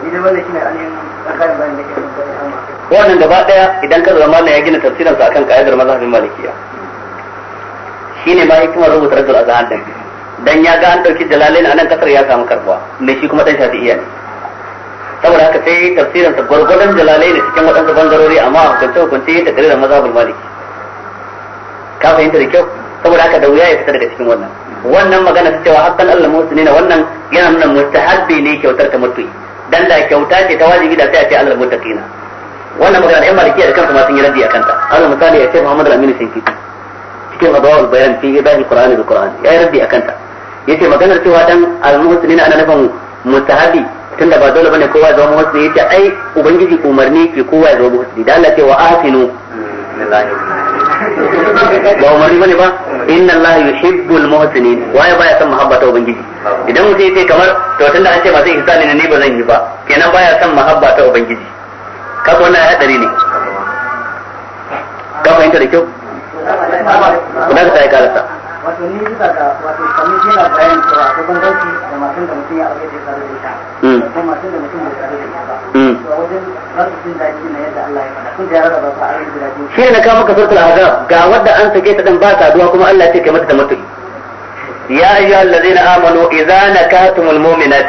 ni da wannan shine ainihin tsakanin bayan da ke wannan gaba daya idan ka zama ya gina tafsirinsa akan ka'idar mazhabin malikiya shine ma hikimar rubuta rajul azhar din dan ya ga an dauki jalalain anan kasar ya samu karbuwa mai shi kuma dan shafi'iyya ne saboda haka sai tafsirin sa gwargwadon jalalai ne cikin waɗansu bangarori amma a hukunce hukunce ta tare da mazhabul maliki ka fahimta da kyau saboda haka da wuya ya fita daga cikin wannan wannan magana ta cewa hakan Allah musulmina wannan yana nuna mustahabbi ne kyautar ta mutuyi dan da kyauta ce ta wajibi da sai a ce Allah muttaqina wannan magana da yan malikiya da kansu ma sun yi raddi akan ta Allah misali ya ce Muhammad al-Amin Shinkiti cikin adawul bayan fi ibadil qur'ani bil qur'an ya yi rabbi a kanta. yace maganar cewa dan al-musulmina ana nufin mustahabbi tunda ba dole bane kowa ya zama muhsini yace ai ubangiji umarni ke kowa ya zama muhsini da Allah ce wa ahsinu ba umarni bane ba inna Allah yuhibbul muhsinin waye baya son mahabba ta ubangiji idan mutum yace kamar to tunda an ce ba zai ihsani ne ba zan yi ba kenan baya son mahabba ta ubangiji kaga wannan hadari ne ka fahimta da kyau kuma ka ta yi karasa wato ni bisa ga wato kamar yana bayan cewa akwai banbanci da matan da mutum ya aure da tsare da ita mm. ko matan da mutum bai tsare da ita ba mm. to wajen jin daɗi na yadda Allah ya faɗa kun da raba ba a guda biyu shi ne kawo maka surtul azab ga wanda an sake ta dan ba duwa kuma Allah ya ce kai mata tamattu ya ayyuha allazina amanu idza nakatumul mu'minat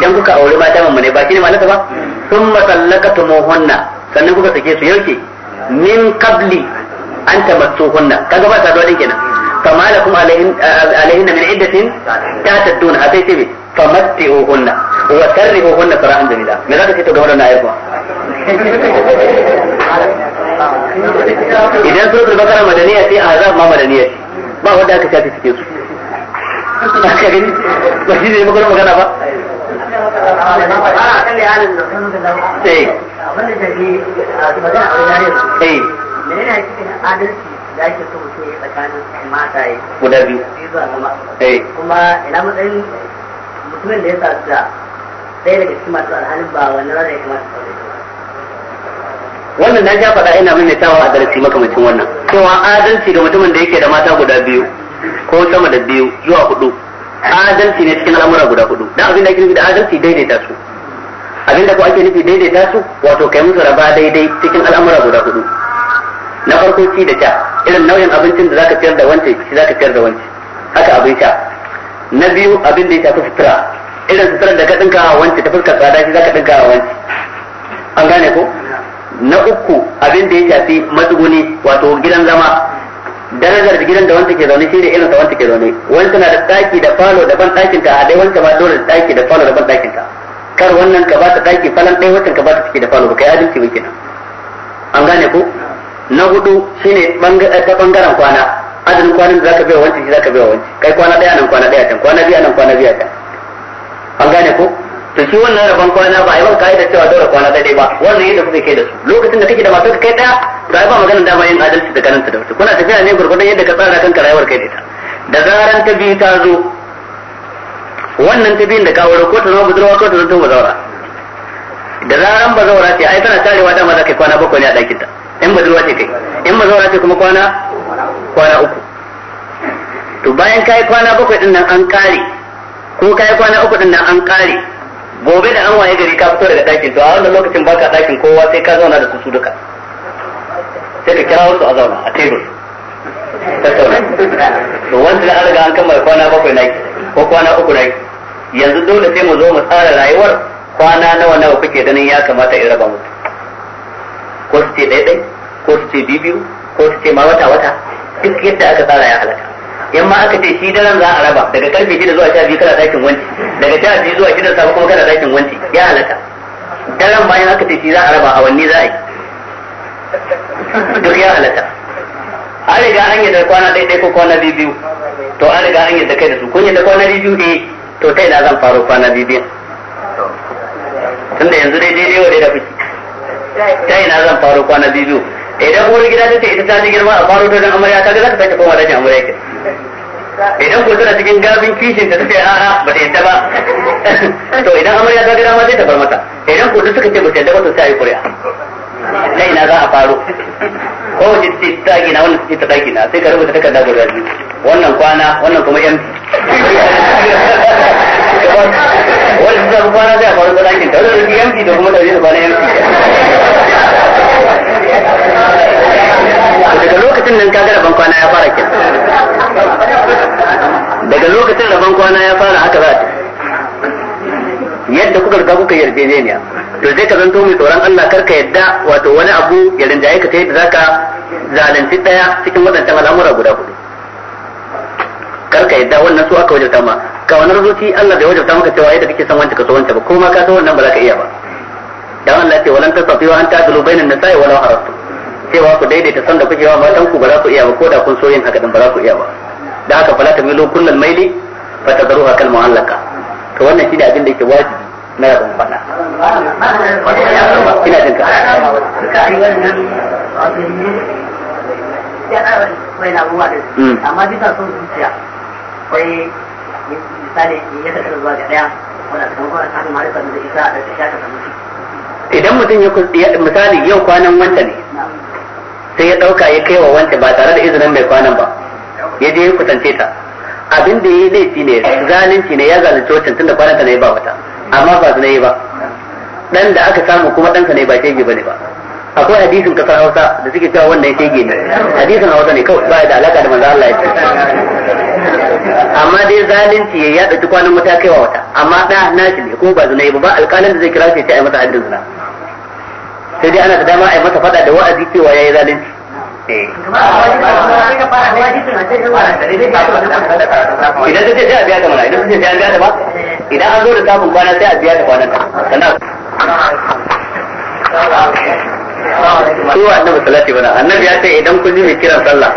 idan kuka aure mata mamane ba shine malaka ba mm. thumma sallakatumuhunna sannan kuka sake su yauke min qabli an tamattuhunna kaga ba saduwa din kenan fama lakum alaihinna min iddatin ta tadduna a sai ce famatti'uhunna wa sarrihuhunna sarahan jamila me za ka ce to game da wannan ayar idan suratul bakara madaniya sai azab ma madaniya ba wanda aka shafi cikin su ba gani ba shi zai magana magana ba eh. Eh. me yana cikin adalci da ake so mutum ya tsakanin mata ya guda biyu eh. kuma ina matsayin mutumin da ya sa da ɗaya daga cikin masu alhalin ba wani rana ya kamata saurayi wannan na ja faɗa ina mai tawa adalci makamacin wannan cewa adalci ga mutumin da yake da mata guda biyu ko sama da biyu zuwa hudu adalci ne cikin al'amura guda hudu dan abin da ake nufi da adalci daidaita su abin da ko ake nufi daidaita su wato kai musu raba daidai cikin al'amura guda hudu na farko ci da sha irin nau'in abincin da zaka ciyar da wance shi zaka ciyar da wance haka abin sha na biyu abin da ya shafi sutura irin suturar da ka dinka a wance ta fuskar tsada shi zaka dinka a wance. an gane ko na uku abin da ya shafi matsuguni wato gidan zama darajar da gidan da wanda ke zaune shine irin da wanda ke zaune wanda na da daki da falo da ban dakin ka a dai wanda ba dole da daki da falo da ban dakin ka kar wannan ka ba ta daki falan dai wancan ka ba ta ciki da falo ba kai adalci ba kenan an gane ko na hudu shine eh, ta bangaren kwana adadin kwanan da zaka biya wancan shi zaka biya wancan kai kwana daya nan kwana daya can kwana biya nan kwana biya can an gane ko to shi wannan rabon kwana ba ai ban kai da cewa dole kwana daidai ba wannan yadda kuke kai da su lokacin da kake da matar kai daya to ai ba maganar dama yin adalci da karanta da wuce kuna tafiya ne gurgurdan yadda ka tsara kanka rayuwar kai da ita da zaran ta biyu ta zo wannan ta biyun da ka ko ta zama budurwa ko ta zama bazaura da zaran bazaura ce ai tana tarewa dama za ka kwana bakwai ne a ɗakin ta in budurwa ce kai in mazaura ce kuma kwana kwana uku to bayan kai kwana bakwai din nan an kare ko kai kwana uku din nan an kare gobe da an waye gari ka fito daga ɗakin to a wannan lokacin baka ɗakin kowa sai ka zauna da su su duka sai ka kira wasu a zauna a tebur tattauna to wanda da an riga an kammala kwana bakwai nai ko kwana uku nai yanzu dole sai mu zo mu tsara rayuwar kwana nawa nawa kuke ganin ya kamata in raba mutu ko su ce ɗaya ɗaya ko su ce bibiyu ko su ce ma wata wata duk yadda aka tsara ya halaka yamma aka ce shi daren za a raba daga karfe shida zuwa sha biyu kana dakin wanci daga sha biyu zuwa shida sabu kuma kana dakin wanci ya halaka daren bayan aka ce shi za a raba a wanni za a yi duk ya halaka an riga an yadda kwana ɗaya ɗaya ko kwana biyu biyu to an riga an yadda kai da su kun yadda kwana biyu biyu eh. ne to ta ina zan faro kwana biyu biyu tunda yanzu dai daidai wa da kuke ta ina zan faro kwana biyu biyu idan uwar gida ta ce ita ta ji girma a faro don amarya ta ga za ta sake koma dajin amarya ke idan ko tana cikin gabin kishin ta ce a'a ba ta yadda ba [laughs] to idan amarya ta ga ma zai ta mata idan ko suka ce ba ta yadda ba to sai a yi kuri'a na ina za a faro ko wace ce ta daki na wannan ce ta ta na sai ka rubuta takarda guda biyu wannan kwana wannan kuma yan [laughs] wannan ta kwana zai a faro ta dakin ta wannan yanki da kuma ta da kwana yanki lokacin nan kaga rabon kwana ya fara kin daga lokacin rabon kwana ya fara haka za ta yadda kuka riga kuka ya to zai ka zanto mai tsoron Allah kar ka yadda wato wani abu ya rinjaye ka sai da zaka zalunci daya cikin wadancan al'amura guda hudu kar ka yadda wannan su aka wajabta ma ka wannan zuci Allah bai wajabta maka cewa yadda kake son wancan ka so wancan ba ko ma ka so wannan ba za ka iya ba dan Allah ya ce walan tasfiyu an ta'dilu bainan nasai walau harastu cewa ku daidaita san da kuke wa matan ba za ku iya ba ko da kun so yin haka din ba za ku iya ba da haka fala ta milo kullal maili fa ta zaruha kal mu'allaka to wannan shine abin da yake wajibi na rabon fada ina jin ka hmm. amma bisa son zuciya wai misali ya tafi zuwa ga daya wanda ta kuma ta ma'arifa da ita da ta shaka ta mutu idan mutum ya misali yau kwanan wanta ne sai ya dauka ya kai wa wanda ba tare da izinin mai kwanan ba ya je ya kusance ta abin da ya yi laifi ne zalunci ne ya zalunci wancan da kwanan ta ne ba wata amma ba su ne ba dan da aka samu kuma ka ne ba shege bane ba akwai hadisin kasar Hausa da suke cewa wannan shege ne hadisin Hausa ne kawai ba da alaka da manzo Allah ya amma dai zalunci ya yaɗa kwanan kai wa wata amma da nashi ne ko ba zunai ba ba alƙalin da zai kira shi ya ce ai masa addu'a sai dai ana da dama a yi masa fada da wa'azi cewa ya yi zalunci eh. idan ta ce sai a biya ta mana idan ta ce sai an biya ta ba idan an zo da samun kwana sai a biya ta kwanan ta ko annabi salati bana annabi ya ce idan kun ji mai kiran sallah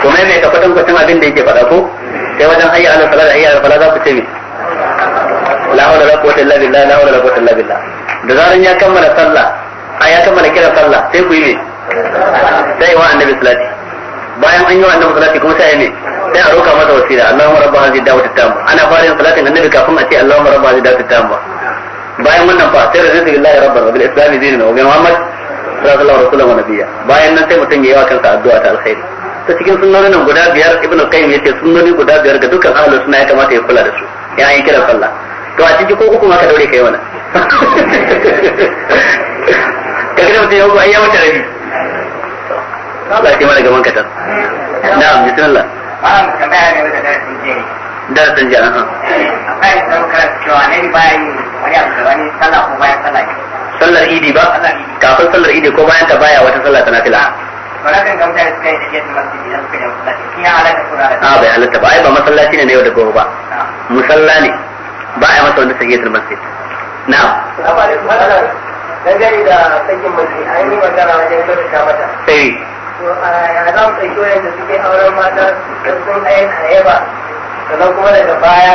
kuma mai ka kwatan kwatan abin da yake faɗa ko sai wajen hayya ala salata, hayya ala salata za ku ce mai. la hawla la quwwata illa billah la hawla la quwwata illa billah da zaran ya kammala sallah a ya kammala kira sallah sai ku yi me sai wa annabi salati bayan an yi wa annabi salati kuma sai ne sai a roka masa wasila Allahumma rabba hadhihi da'wati tamma ana fara yin salatin annabi kafin a ce Allahumma rabba hadhihi da'wati tamma bayan wannan fa sai radiya billahi rabban wa bil islam dinan wa bi muhammad sallallahu alaihi wasallam wa nabiyya bayan nan sai mutum yayi wa kansa addu'a ta alkhairi ta cikin sunnonin nan guda biyar ibnu qayyim yace sunnoni guda biyar ga dukkan ahlus sunna ya kamata ya kula da su ya yi kira sallah to a cikin ko uku ma ka daure kai wannan ka gina mutum ya uku ya rabi ba ce mana gaban katar na'am bismillah an kana ne da a ha akwai da karatu cewa ne bayan wani abu da wani sallah ko bayan sallah sallar idi ba kafin sallar idi ko bayan ta baya wata sallah ta nafila a bai halatta ba ai ba masallaci ne na yau da gobe ba musalla ne ba a yi masa wani sayyidatul masjid Na dangane da sakin mace a yi magana wajen kyautata mata sai a za mu ɗauki wayanda suke auren mata da sun ayaba sannan kuma daga baya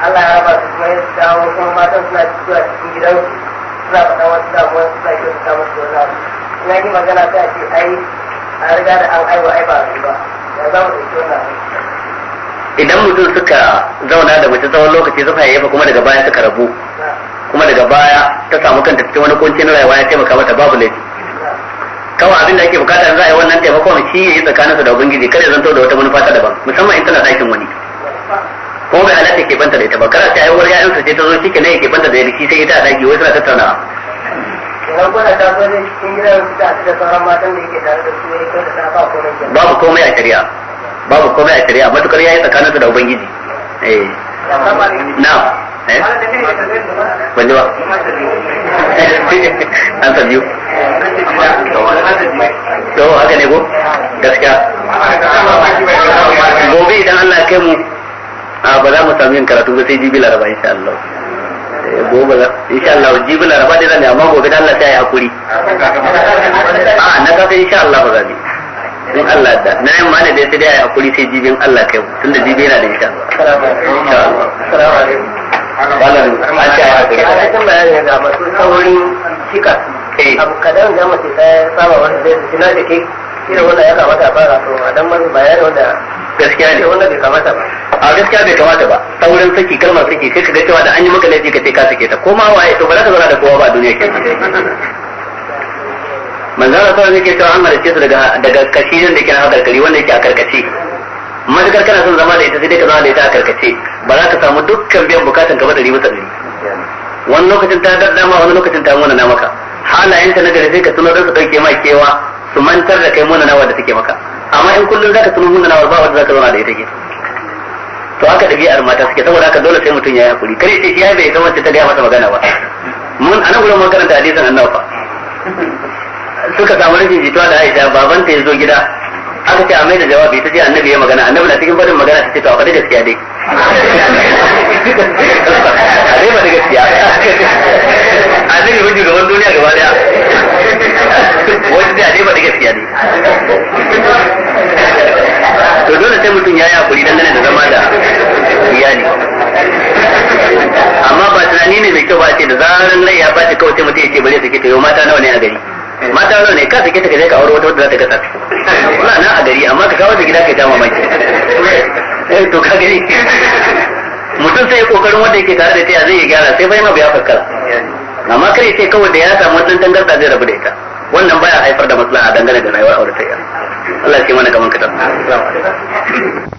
Allah ya raba su kuma ya dawo kuma matan suna zuwa cikin gidan suna faɗa wasu damuwa suna kyautata musu wani abu ina yi magana sai a ce ai a riga da an aiwa ai ba su ba ya za mu ɗauki wannan idan mutum suka zauna da mace tsawon lokaci suka yayyafa kuma daga baya suka rabu kuma daga baya ta samu kanta cikin wani kunci na rayuwa ya taimaka mata babu laifi kawai abin da ake bukata za a yi wannan taimakon shi ya yi tsakaninsa da ubangiji kada ya zanto da wata manufa ta daban musamman in tana ɗakin wani ko bai halatta ke banta da ita ba kada ta yi wani ƴaƴan su ce ta zo shi ke ne ke banta da yarki sai ita a daki, wai suna tattaunawa. babu komai a shari'a babu komai a shari'a matukar yayi tsakaninsa da ubangiji eh na'am eh ba an san biyu to haka ne ko gaskiya gobe idan Allah kai mu a ba za mu samu yin karatu ba sai jibi laraba insha Allah eh, gobe insha Allah jibi laraba dai zan amma gobe da Allah sai ya hakuri a na kafa insha Allah ba zan in Allah da na yin mana da sai a sai jibin Allah kai tun da jibi yana da Allah a ga saurin shika eh. abu kadan ga da ke ya kamata a to a dan bayani wanda gaskiya ne wanda bai kamata ba a gaskiya bai kamata ba saurin saki kalmar saki sai ka ga cewa da an yi maka laifi ka ce ka sake ta ko ma waye to ba za ka zauna da kowa ba a duniya ke [laughs] manzan Allah sallallahu alaihi wasallam yake cewa an daga kashi ne da ke na karkari wanda yake a karkace matukar kana son zama da ita sai dai ka zama da ita a karkace ba za ka samu dukkan biyan bukatan ka ba da ribar dari wani lokacin ta daddama wani lokacin ta muna maka halayen ta na gari sai ka tuno don su dauke ma kewa su mantar da kai muna nawa da take maka amma in kullum ka tuno muna nawa ba wanda ka zama da ita ke to haka biyar mata suke saboda haka dole sai mutum ya yi hakuri kare sai ya bai zama ta ga masa magana ba mun anan gurin makaranta hadisin annabi fa suka samu rashin jituwa da Aisha babanta ya zo gida aka ce a mai da jawabi ta ce annabi ya magana annabi na cikin barin magana ta ce to a gaskiya dai a dai da gaskiya annabi ba shugaban duniya gaba daya wajen da a dai faɗi gaskiya dai to dole sai mutum ya yi hakuri dangane da zama da iyali amma ba tunani ne mai kyau ba ce da zarar lai ya ba ta kawai sai mutum ya ce bare su ke to yau mata nawa ne a gari mata zo ne ka sake ta kaje ka aure wata wadda za ta gasa ba na a gari amma ka kawo ta gida ka ta mamaki eh to ka gari mutum sai kokarin wanda yake tare da ta zai gyara sai bai ma bai fakkara amma kai sai ce kawai da ya samu wannan tangarda zai rabu da ita wannan baya haifar da maslaha dangane da rayuwar aure ta Allah ya ce mana kaman ka tabbata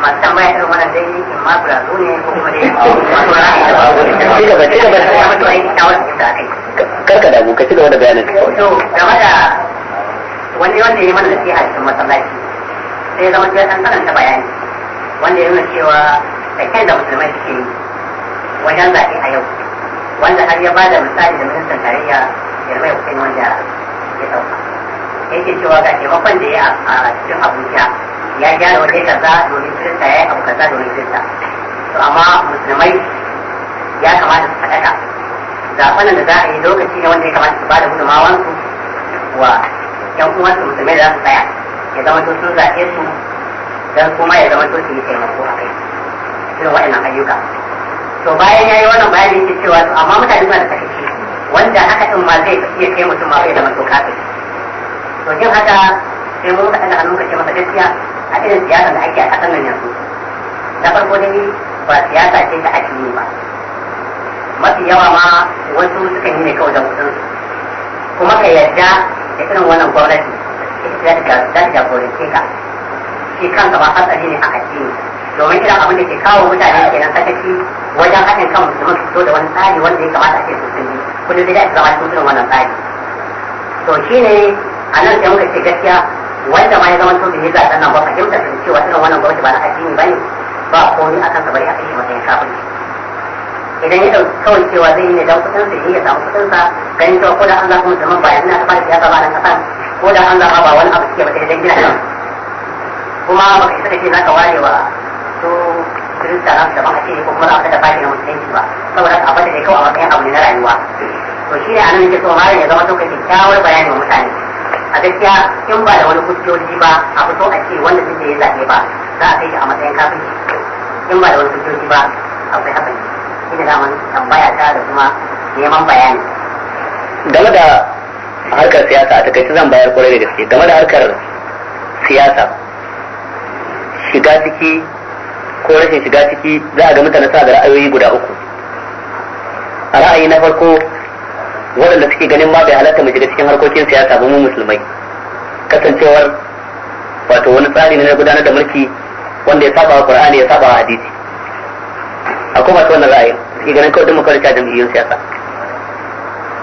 masu tambaya irin dai in ma ne ko kuma dai da karka da ka ci gaba da bayanin to game da wani wanda ya mana nasiha cikin masallaci sai zama cewa an karanta bayani wanda ya nuna cewa da kai da musulmai suke yi wajen zaɓe a yau wanda har ya ba da misali da ministan tarayya ya mai hussein wanda ya ɗauka yake cewa ga taimakon da ya a cikin abuja ya gyara waje kaza domin kirista ya yi abu domin kirista to amma musulmai ya kamata su faɗaka zaɓen da za a yi lokaci ne wanda ya kamata su ba da gudunmawansu wa yan uwansu musulmai za su tsaya ya zama to sun zaɓe don kuma ya zama to su taimako a kai irin waɗannan ayyuka to bayan ya yi wannan bayani ke cewa to amma mutane suna da takaici wanda haka ɗin ma zai iya kai mutum ma to jin haka sai mun kaɗan da hannu ka ce masa a irin siyasa da ake a ƙasar nan yanzu na farko dai ba siyasa ce ta addini ba mafi yawa ma wasu suka yi ne kawai da kudin kuma ka yarda da irin wannan gwamnati ita za ta jagorance ka shi kanka ba hatsari ne a addini domin irin abin da ke kawo mutane kenan sakaci wajen haɗin kan musulman su fito da wani tsari wanda ya kamata a ce su sun yi kullum sai da zama cikin wannan tsari to shine a nan sai muka ce gaskiya wanda ma ya zama ya bai zaɓen nan ba fahimta su cewa irin wannan gwamnati ba na addini ba ne ba komi a kansa bari a kashe masa ya kafin idan ya ɗauki kawai cewa zai yi ne dan kuɗin sa ya samu kuɗin sa ganin cewa ko da an zaɓi musulman ba yanzu na ta fara siyasa ba na kasan ko da an zaɓa ba wani abu ke mata idan gina nan kuma ba ka isa ka ce za ka ware wa su kirista na su daban a ce ko kuma za ka da fashe na musulunci ba saboda a fata ne kawai a matsayin abu ne na rayuwa to shi ne a nan ke so ma ya zama to kai kyakkyawar bayani wa mutane a gaskiya in ba da wani hujjoji ba a fito a ce wanda suke yi zaɓe ba za a kai shi a matsayin kafirci in ba da wani hujjoji ba akwai hakan shi ne zaman tambaya ta da kuma neman bayani game da harkar siyasa a takaice zan bayar kwarai da gaske game da harkar siyasa shiga ciki ko rashin shiga ciki za a ga mutane sa da ra'ayoyi guda uku a ra'ayi na farko waɗanda suke ganin ma bai halatta mu shiga cikin harkokin siyasa ba mu musulmai kasancewar wato wani tsari ne na gudanar da mulki wanda ya saba wa qur'ani ya saba wa hadisi akwai masu wannan ra'ayin suke ganin kawai mu kawai jam'iyyun siyasa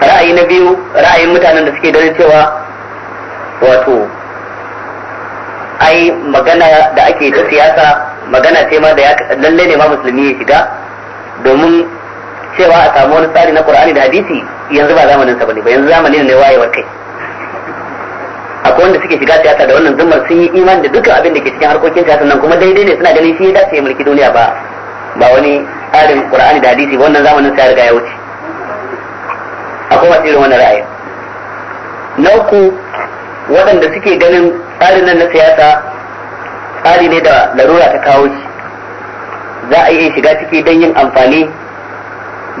ra'ayi na biyu ra'ayin mutanen da suke ganin cewa wato ai magana da ake ta siyasa magana ce ma da lalle ne ma musulmi ya shiga domin cewa a samu wani tsari na Qur'ani da hadisi yanzu ba zamanin sa bane ba yanzu zamanin ne wayewar kai akwai wanda suke shiga siyasa da wannan zumar sun yi imani da dukkan abin da ke cikin harkokin siyasa nan kuma daidai ne suna ganin shi ya dace mulki duniya ba ba wani tsarin Qur'ani da hadisi ba wannan zamanin sa ya riga ya wuce akwai wasu irin wannan ra'ayi na uku waɗanda suke ganin tsarin nan na siyasa tsari ne da larura ta kawo shi za a iya shiga ciki don yin amfani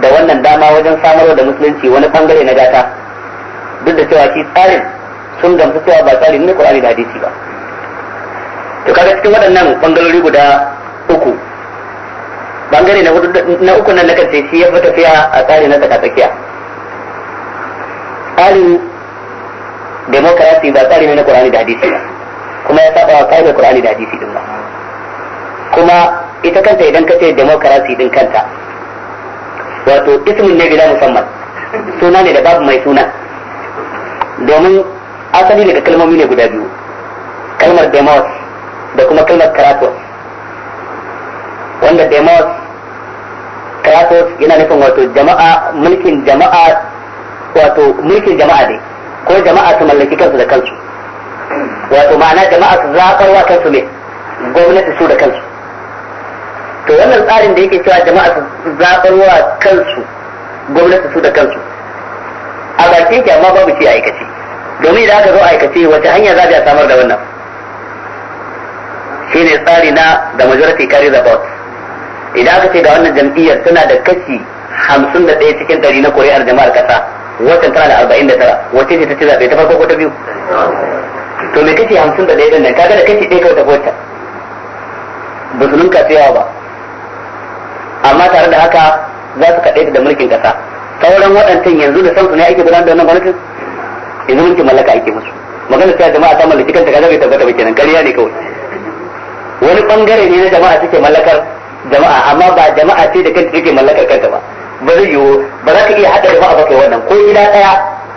da wannan dama wajen samar da musulunci wani bangare na gata duk da cewa shi tsarin sun gamsu cewa ba tsarin ne Qur'ani da hadisi ba to kaga cikin waɗannan bangarori guda uku bangare na na uku nan na sai shi ya fi tafiya a tsari na tsaka tsakiya tsarin demokarasi ba tsari ne na Qur'ani da hadisi ba kuma ya saba wa tsarin Qur'ani da hadisi din ba kuma ita kanta idan ka ce demokarasi din kanta wato ismin ne bila musamman suna ne da babu mai suna domin asali daga kalmomi ne guda biyu kalmar demos da kuma kalmar kratos wanda demos kratos yana nufin wato jama'a mulkin jama'a wato mulkin jama'a ne ko jama'a su mallaki kansu da kansu wato ma'ana jama'a su zaɓar kansu ne gwamnati su da kansu to wannan tsarin da yake cewa jama'a su wa kansu gwamnati su da kansu a bakin ki amma babu shi aikace domin idan aka zo aikace wace hanya za a samar da wannan Shi ne tsari na da majority carry the vote idan aka ce ga wannan jam'iyyar tana da kashi hamsin da ɗaya cikin ɗari na kuri'ar jama'ar ƙasa watan tana da arba'in da tara wace ce ta ci zaɓe ta farko ko ta biyu to me kashi hamsin da ɗaya ɗin nan kaga da kashi ɗaya kawai ta vote ba su ninka yawa ba amma tare da haka za su kaɗai da mulkin ƙasa sauran waɗancan yanzu da sansu ne ake gudanar da wannan gwamnatin yanzu mulkin mallaka ake musu magana ta jama'a ta mallaki kanta kaza bai tabbata ba kenan ƙarya ne kawai wani bangare ne na jama'a suke mallakar jama'a amma ba jama'a ce da kanta take mallakar kanta ba ba zai yiwu ba za ka iya haɗa jama'a ba kai wannan ko gida ɗaya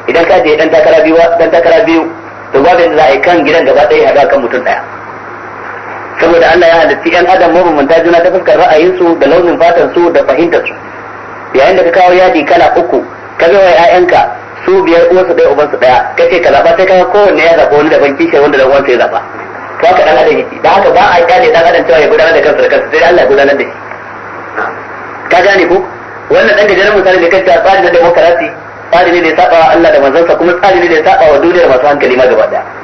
idan ka je dan takara biyu dan takara biyu to babu yadda za a yi kan gidan gaba ɗaya ya haɗa kan mutum ɗaya saboda Allah ya halitta ƴan adam mabambanta juna ta fuskar ra'ayinsu da launin fatan su da fahimtar su yayin da ka kawo yadi kala uku ka ga wai ƴaƴanka su biyar uwansu ɗaya ubansu ɗaya kace ka zaba sai ka ga kowanne ya zaba wani daban kishiyar wanda da uwansa ya zaba to haka dan adam yake da haka ba a kyale dan adam cewa ya gudanar da kansa da kansa sai Allah ya gudanar da shi ka gane ko wannan dan gajeren misali da kace tsari na demokarasi tsari ne da ya saba Allah da manzansa kuma tsari ne da ya saba wa duniyar masu hankali ma gaba daya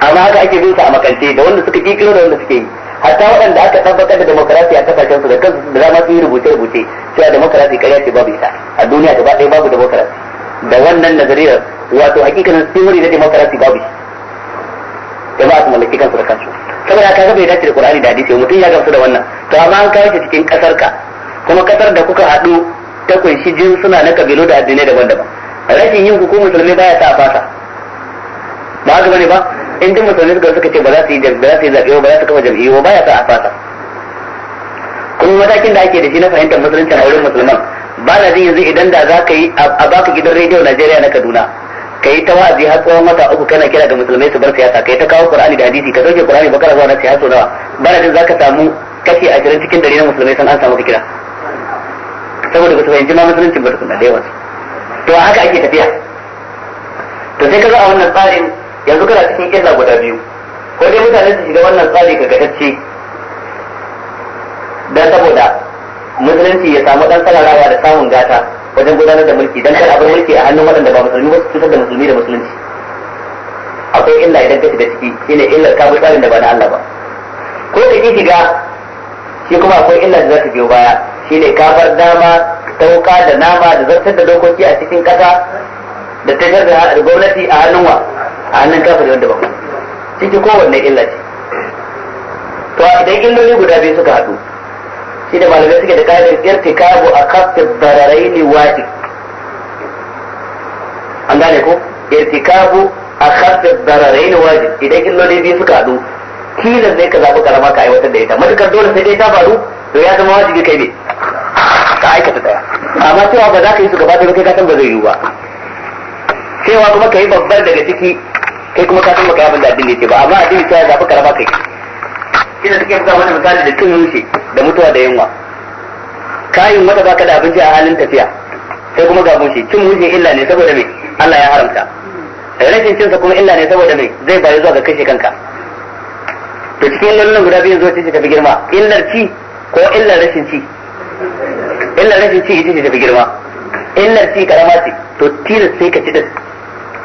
amma haka ake bin sa a makance da wanda suka kikiro da wanda suke yi hatta waɗanda aka tabbatar da demokarasi a kasashen su da kansu da zama su yi rubuce rubuce cewa demokarasi ƙarya ce babu ita a duniya gaba ɗaya babu demokarasi da wannan nazariyar wato hakikanin sihiri na demokarasi babu shi jama'a su mallaki kansu da kansu saboda ka ga bai dace da qur'ani da hadisi mutum ya gamsu da wannan to amma an kawo shi cikin kasar ka kuma kasar da kuka haɗu ta kunshi jinsuna na kabilu da addinai daban-daban rashin yin hukumar musulmi baya sa a fasa ba haka bane ba in jin musulmi suka suka ce ba za su yi ba za su yi zaɓe ba za su kafa jam'iyyu ba ya sa a fasa kuma matakin da ake da shi na fahimtar musulunci a wurin musulman ba na jin yanzu idan da za ka yi a baka gidan rediyo Najeriya na Kaduna ka yi ta wa'azi har tsawon wata uku kana kira ga musulmai su bar siyasa ka yi ta kawo Qur'ani da hadisi ka sauke Qur'ani bakara zuwa na siyasa nawa ba na jin za ka samu kashi ashirin cikin dari na musulmai sun an samu ka kira saboda ba su fahimci ma musulunci ba su da yawa to haka ake tafiya to sai ka zo a wannan tsarin yanzu kana cikin illa guda biyu ko dai mutane su shiga wannan tsari ga gatacce dan saboda musulunci ya samu dan sararawa da samun gata wajen gudanar da mulki dan kar abin mulki a hannun waɗanda ba musulmi ba su cutar da musulmi da musulunci akwai illa idan ka shiga ciki shine illar ka bi tsarin da ba na Allah ba ko da ki shiga shi kuma akwai illa da za ta biyo baya shine ka bar dama tauka da nama da zartar da dokoki a cikin kasa da tashar da gwamnati a hannun wa a hannun kafiri wanda ba mu ciki kowanne illa ce to idan illoli guda biyu suka haɗu shi da malamai suke da ƙarin irtikabu a kafin ne wajib an gane ko irtikabu a kafin ne wajib idan illoli biyu suka haɗu kilan ne ka zaɓi karama ka aiwatar da ita matukar dole sai dai ta faru to ya zama wajibi kai ne ka aikata ɗaya amma cewa ba za ka yi su gaba da kai ka san ba zai yiwu ba cewa kuma ka yi babbar daga ciki kai kuma ka san da abin da addini ba amma addini ya zafi karama kai kina take buga wani misali da cin rushe da mutuwa da yunwa kayin wata baka da abinci a halin tafiya sai kuma ga gushi cin mushe illa ne saboda me Allah ya haramta rashin cinsa kuma illa ne saboda me zai bari zuwa ga kashe kanka to cikin lallan guda biyu zuwa cikin tafi girma illar ci ko illar rashin ci illar rashin ci ita ce tafi girma illar ci karama ce to tilas sai ka ci da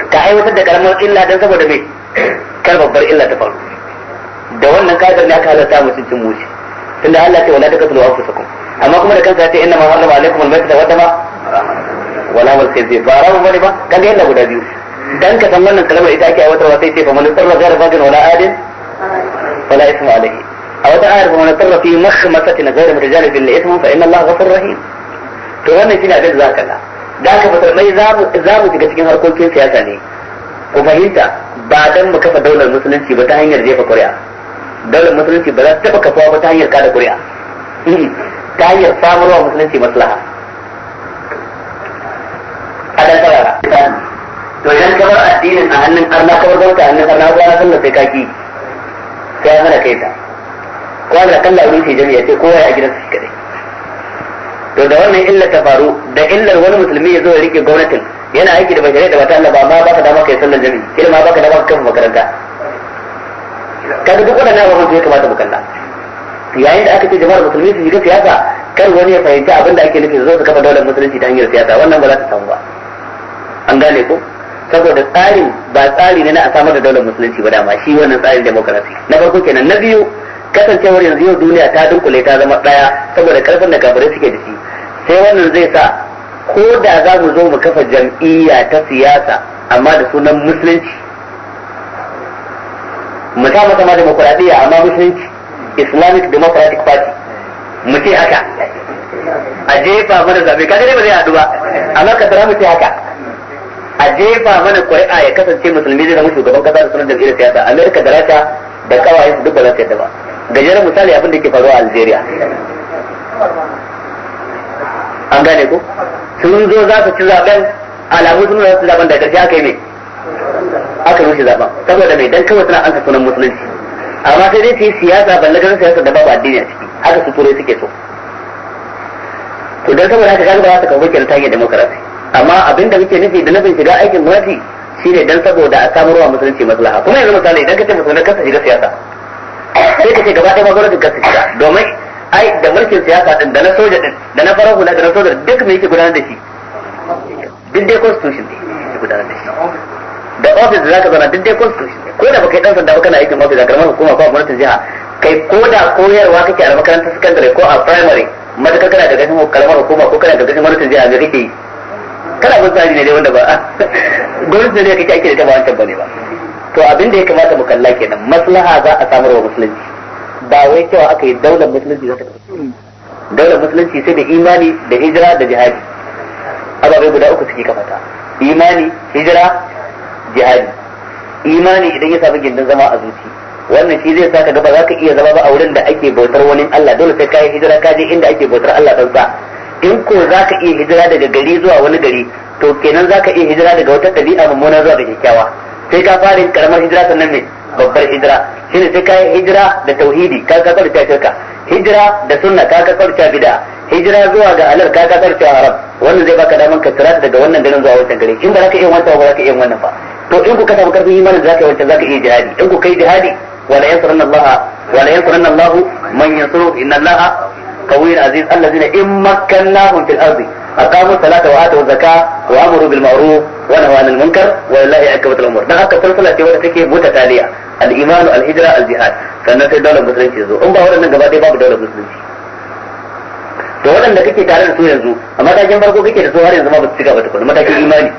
ka aiwatar da karamar illa dan saboda me kar babbar illa ta faru da wannan kadar ne aka halarta mu cin mushi tunda Allah ce wala taqtulu anfusakum amma kuma da kanka ce inna ma harrama alaikum al-maytata wa dama wala wal khinzir ba rawu bane ba kaga illa guda biyu dan ka san wannan kalmar ita ake aiwatarwa sai ce fa man sarra ghayra bagin wala adin wala ismu alaihi a wata ayar fa man sarra fi makhmasatin ghayra mutajalibin li ismun fa inna Allah ghafurur rahim to wannan shine abin da za ka kalla da aka mai za mu shiga cikin harkokin siyasa ne ku fahimta ba dan mu kafa daular musulunci ba ta hanyar jefa kuri'a daular musulunci ba za ta taba kafawa ba ta hanyar kada kuri'a [laughs] ta hanyar samarwa musulunci maslaha a dan sarara to idan ka bar addinin a hannun arna ka bar gwamnati a hannun arna ba san da sai kaki sai ya hana kai ta ko da kalla rushe jami'a sai kowa ya gidansa shi kadai to da wannan illar ta faru da illar wani musulmi ya zo ya rike gwamnatin yana aiki da bashari'a da wata Allah ba ma baka dama kai sallar jami'i kila ma baka dama kafa makaranta kaga duk wannan abubuwan da ya kamata mu kalla yayin da aka ce jama'ar musulmi su shiga siyasa kar wani ya fahimci abin da ake nufi zo su kafa daular musulunci ta hanyar siyasa wannan ba za ta samu ba an gane ko saboda tsarin ba tsari ne na a samar da daular musulunci ba dama shi wannan tsarin demokarasi na farko kenan na biyu kasancewar yanzu yau duniya ta dunkule ta zama daya saboda karfin da kafirai suke da shi sai wannan zai sa ko da za mu zo mu kafa jam'iyya ta siyasa amma da sunan musulunci mu sa mata ma demokuraɗiyya amma musulunci islamic democratic party mu ce haka a jefa mana zaɓe kaga dai ba zai haɗu ba amma ka mu ce haka a jefa mana ƙuri'a ya kasance musulmi zai zama shugaban kasa da sunan jam'iyyar siyasa amerika da rasha da kawayen su duk ba za su yadda ba gajeren misali abin da ke faruwa a algeria an gane ko sun zo za su ci zaben alamu sun zo su zaben da karshe aka yi mai aka yi zaben saboda mai dan kawai suna an sunan musulunci amma sai dai su yi siyasa balle garin siyasa da babu addini a ciki haka su turai suke so to dan saboda haka kaga ba za ta kawo kenan ta yi demokarasi amma abin da muke nufi da nufin shiga aikin gwamnati shine dan saboda a samarwa musulunci maslaha kuma yanzu misali idan ka ce musulmai kasa shiga siyasa sai ka ce gaba ɗaya ma gwamnati kasa shiga domin ai da mulkin siyasa din da na soja din da na farar hula da na soja duk me yake gudanar da shi duk dai constitution ne gudanar da shi da office da zaka zauna duk dai constitution ko da baka yi dan sanda ba kana aikin office a karamar hukuma ko a gwamnatin jiha kai ko da koyarwa kake a makarantar secondary ko a primary matakar kana da gashin karamar hukuma ko kana da gashin gwamnatin jiha me kake yi kana bin tsari ne dai wanda ba [laughs] gwamnatin ne kake ake da ta ba wancan bane ba to abin da ya kamata mu kalla kenan maslaha za a samarwa wa musulunci ba wai cewa aka yi daular musulunci za ta kafa daular musulunci sai da imani da hijira da jihadi ababai guda uku suke kafata imani hijira jihadi imani idan ya samu gindin zama a zuci wannan shi zai saka gaba za ka iya zama ba a wurin da ake bautar wani Allah dole sai ka yi hijira ka je inda ake bautar Allah dan sa in ko za ka iya hijira daga gari zuwa wani gari to kenan za ka iya hijira daga wata ɗabi'a mummuna zuwa ga kyakkyawa sai ka fara yin karamar hijira sannan ne babbar hijira shine sai ka yi hijira da tauhidi ka ka kaurce shirka hijira da sunna ka ka kaurce bid'a hijira zuwa ga alal ka ka kaurce haram wannan zai baka daman ka tsirat daga wannan garin zuwa wancan gari in ba za ka iya wancan ba za ka iya wannan ba to in ku ka samu karfin imanin da za ka yi wancan za ka iya jihadi in ku kai jihadi wala yansuranna Allah wala yansuranna Allah man yansuru inna Allah قوي عزيز الذين إن مكناهم في الأرض أقاموا الصلاة وآتوا الزكاة وأمروا بالمعروف wa nahy anil munkar wa الأمور akibatul umur dan haka sulsula ce wanda take mutataliya al iman al hijra al sai daular musulunci zo in waɗannan babu musulunci to waɗanda kake tare da su yanzu a matakin farko kake da su har yanzu ma ba su cika ba tukuna matakin imani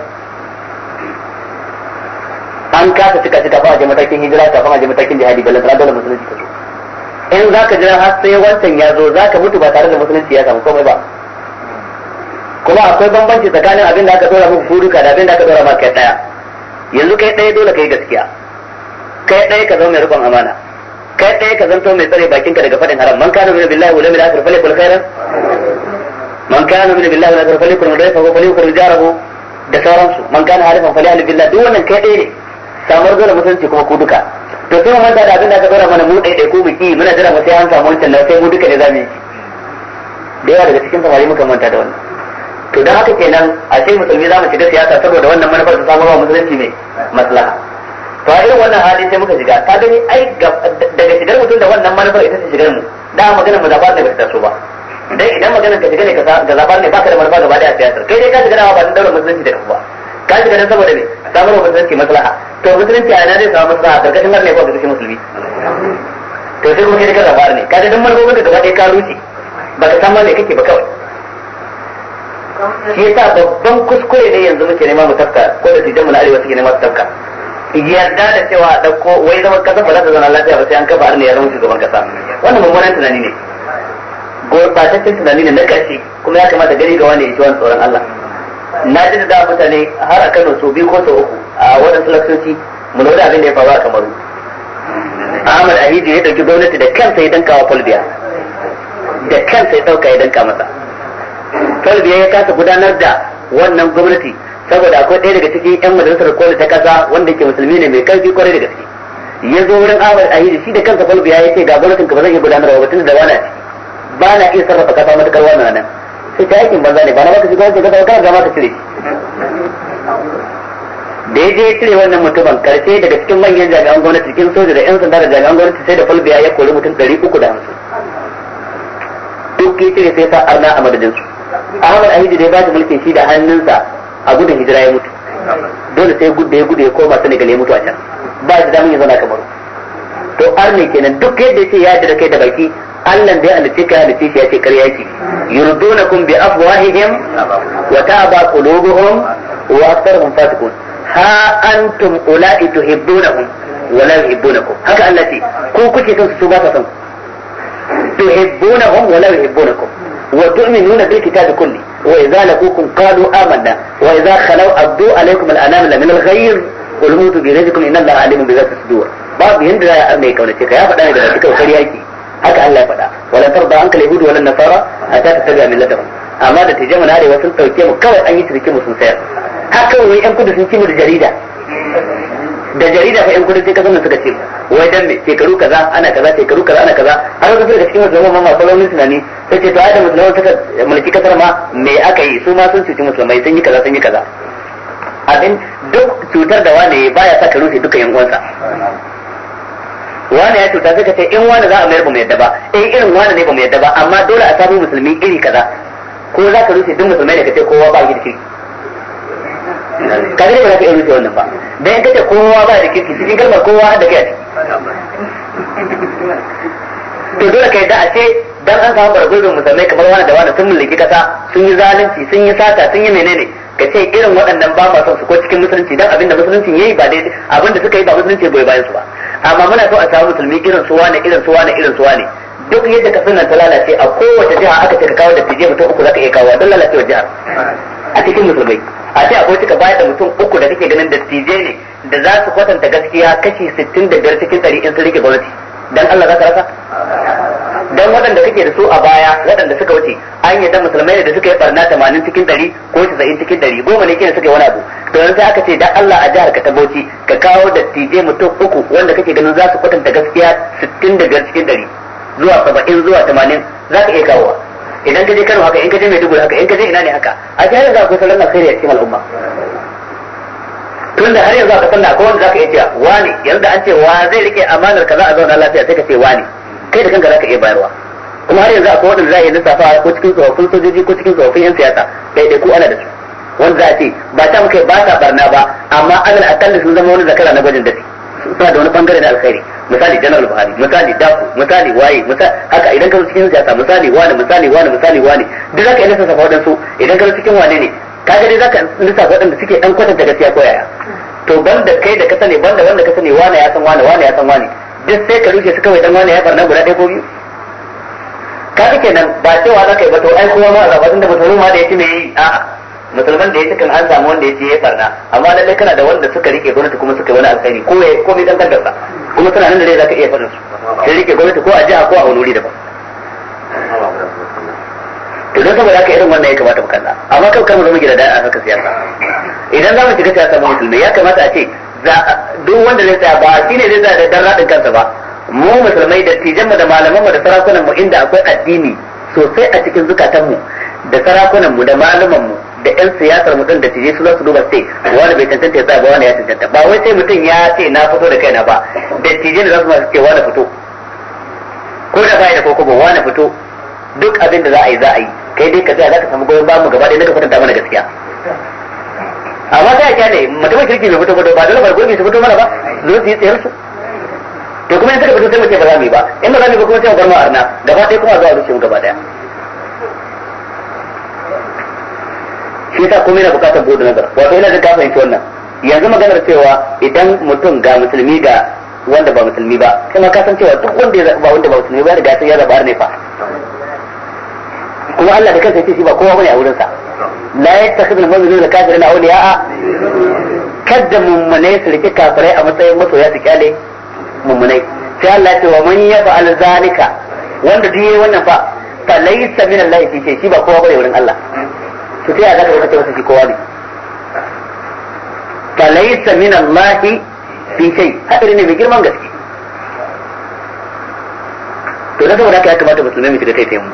an kasa cika cika ba a matakin hijira a matakin jihadi tsara dole musulunci in za ka jira har sai wancan ya zo za ka mutu ba tare da musulunci ya samu komai ba kuma akwai bambanci tsakanin abin da aka dora muku furuka da abin da aka dora maka kai daya yanzu kai daya dole kai gaskiya kai daya ka zama mai rikon amana kai daya ka zanto mai tsare bakinka daga fadin haram man kana min billahi min akhir falikul khairan man kana min billahi wal akhir falikul khairan fa falyakul jarahu da sauransu man kana harifan falyahli billahi duk wannan kai daya ne samar dole mutunci kuma ku duka to sai mu manta da abin da aka dora mana mu daya ko mu ki muna jira mu sai an samu wancan sai mu duka ne zamu yi da yawa daga cikin samari muka manta da wannan to da haka kenan a ce musulmi za mu shiga siyasa saboda wannan manufar ta samu ba musulunci mai maslaha to a irin wannan hali sai muka shiga ka gani ai daga shigar mutum da wannan manufar ita ce shigar mu da magana mu zabar ne ba ta taso ba dan idan magana ka shiga ne ka zabar ne baka da manufa gaba daya a siyasar kai dai ka shiga ba dan daular musulunci da ba ka shiga dan saboda me samu ba musulunci maslaha to musulunci a yana zai samu maslaha karkashin har ne ko karkashin musulmi to sai kuma kai ka zabar ne ka ga dan manufa da gaba daya ka rushe baka san ma ne kake ba kawai shi yasa babban kuskure ne yanzu muke nema mu tafka ko da tijanmu na arewa suke nema su tafka yarda da cewa a ko wai zama kasa ba za ta zauna lafiya ba sai an kafa ne ya zama shugaban kasa wannan mummunan tunani ne gurbataccen tunani ne na ƙarshe kuma ya kamata gani ga wanda ya ci wani tsoron Allah na ji da mutane har a Kano su biyu ko sau uku a wannan laksoci mu lura abin da ya faru a Kamaru Ahmad Ahidi ya ɗauki gwamnati da kansa ya danka wa Fulbiya da kansa ya ɗauka ya danka masa talibiya ya kasa gudanar da wannan gwamnati saboda akwai ɗaya daga cikin yan majalisar koli ta kasa wanda ke musulmi ne mai karfi kwarai da gaske ya zo wurin ahmad da shi da kansa talibiya ya ce ga gwamnatin ka ba zan iya gudanar ba tun da wani ba na iya sarrafa kasa matuƙar wannan nan sai ta aikin banza ne ba na baka shi wancan kasa kana zama ka cire da ya je ya cire wannan mutumin karshe daga cikin manyan jami'an gwamnati cikin soja da yan sanda da jami'an gwamnati sai da falbiya ya kori mutum ɗari uku da hamsin duk ya cire sai sa arna a madadinsu Ahmad Ahidi da ya bashi mulkin shi da hannunsa a gudun hijira ya mutu dole sai gudu ya gudu ya koma Senegal ya mutu a can ba shi damar ya zauna kamar to arne kenan duk yadda ya ce ya jira kai da baki Allah da ya halice ka halice shi ya ce karya ki yurdunakum bi afwahihim wa ta'aba qulubuhum wa aktharuhum fasiqun ha antum ula'i tuhibbunahum wa la yuhibbunakum haka Allah ce ko kuke son su ba ka son tuhibbunahum wa la yuhibbunakum وتؤمنون بالكتاب كله وإذا لقوكم قالوا آمنا وإذا خلوا أبدوا عليكم الأنامل من الغيظ قل موتوا بغيظكم إن الله عليم بذات الصدور باب يندر يا أمي كونتك يا فدا إذا كنت وكرياكي haka Allah ya faɗa wala tarda anka yahudu wala nasara hatta tattabi'a millatahum amma da tijamu na arewa sun dauke mu kawai an yi shirki mu sun sayar haka wani yan sun ci mu da jarida da jarida fa yan kudancin kasar nan suka ce wai dan shekaru kaza ana kaza shekaru kaza ana kaza har wasu daga cikin musulman ma masu launin tunani sai ce to ai da musulman suka mulki kasar ma me aka yi su ma sun cuci musulmai sun yi kaza sun yi kaza abin duk cutar da wane baya sa ka rufe duka yan uwansa wani ya cuta suka ce in wani za a mayar ba mu yadda ba in eh, irin wani ne ba mu yadda ba amma dole a samu musulmi iri kaza ko za ka rufe duk musulmai da ka ce kowa ba shi da shi kaga dai ba za ka iya rufe wannan ba dan in kace kowa ba da kirki cikin kalmar kowa da kai to dole kai da a ce dan an samu bargozin musulmai kamar wani da wani sun mulki kasa sun yi zalunci sun yi sata sun yi menene ka ce irin waɗannan ba ma son su ko cikin musulunci dan abinda musulunci yayi ba dai abinda suka yi ba musulunci bai bayan su ba amma muna so a samu musulmi irin su wani irin su wane. irin su wani duk yadda ka sunan ta lalace a kowace jiha aka ce ka kawo da tije mutum uku zaka iya kawo don lalacewa jihar a cikin musulmai a ce akwai cika bayar da mutum uku da kake ganin tije ne da za su kwatanta gaskiya kashi sittin da biyar cikin ɗari in sun rike gwamnati dan Allah za ka rasa dan waɗanda kake da su a baya waɗanda suka wuce an yadda musulmai ne da suka yi barna tamanin cikin ɗari ko casa'in cikin ɗari goma ne kina suka yi wani abu to yanzu aka ce dan Allah a jihar ka ta Bauchi ka kawo dattijai mutum uku wanda kake ganin za su kwatanta gaskiya sittin da biyar cikin ɗari zuwa saba'in zuwa tamanin za ka iya kawowa idan ka je Kano haka in ka je Maiduguri haka in ka je ina ne haka a ji har yanzu akwai sauran alkhairi a cikin al'umma tun da har yanzu aka sanna akwai wanda zaka iya cewa wani yanzu da an ce wa zai rike amanar kaza a zauna lafiya sai ka ce wani kai da kanka zaka iya bayarwa kuma har yanzu akwai wanda za a yi lissafa ko cikin tsofaffin sojoji ko cikin tsofaffin yan siyasa daidai ko ana da su wanda za a ce ba ta muka ba ta barna ba amma alal akalli sun zama wani zakara na gwajin dafi suna da wani bangare na alkhairi misali janar buhari misali dako misali waye haka idan ka zo cikin siyasa misali wane misali wane misali wane duk zaka yi lissafa waɗansu idan ka zo cikin wane ne ka ga dai zaka lissafa waɗanda suke dan kwatanta gaskiya ko yaya to banda kai da ka sani banda wanda ka sani wane ya san wane wane ya san wane duk sai ka rushe su kawai dan wane ya barna guda ɗaya ko biyu ga kenan ba cewa zaka yi ba to ai kowa ma a zaba tunda ba mutum ma da yake me yi a'a musulman da ya cikin an samu wanda ya ce ya farna amma lalle kana da wanda suka rike gwamnati kuma suka wani alkhairi ko ya komai dan kankarsa kuma suna nan da zaka iya faɗin su sai rike gwamnati ko a jiha ko a wani wuri daban to don saboda haka irin wannan ya kamata mu kalla amma kai kar mu zama da a haka siyasa idan za mu shiga siyasa mu musulmi ya kamata a ce za duk wanda zai tsaya ba shine zai tsaya da dan radin kansa ba mu musulmai da tijanmu da malamanmu da sarakunanmu inda akwai addini sosai a cikin zukatanmu da sarakunanmu da malamanmu da yan siyasar mutum da tije su za su duba sai wani bai tantance ya ba wani ya tantance ba wai sai mutum ya ce na fito da kaina ba da tije ne za su masu ce wani fito ko da bai da koko ba wani fito duk abin da za a yi za a yi kai dai ka tsaya za ka samu goyon bamu gaba ɗaya na ka kwatanta mana gaskiya amma sai a kyale mutumin kirki mai fito ba ba dole ba gurbi su fito mana ba zo su yi tsayar su to kuma in suka fito sai mu ce ba za mu yi ba in ba za mu yi ba kuma sai mu bar arna gaba ɗaya kuma za a rushe mu gaba ɗaya shi yasa komai yana bukatar bude nazar wato ina da ka fahimci wannan yanzu maganar cewa idan mutum ga musulmi ga wanda ba musulmi ba kuma ka san cewa duk wanda ba wanda ba musulmi ba da gasa ya zaba ne fa kuma Allah da kansa yace shi ba kowa bane a wurin sa la yattakhidhu al-mu'minu al-kafirin awliya'a kadda mummunai su rike kafirai a matsayin masoya su kyale mummunai sai Allah ya ce wa man yaf'al zalika wanda duk yayi wannan fa fa laysa min Allah fi shi ba kowa bane wurin Allah to sai a da wata ce masa shi kowa ne falaysa min Allah fi shay haɗari ne mai girman gaske to da saboda haka ya kamata musulmai mu shiga taitayin mu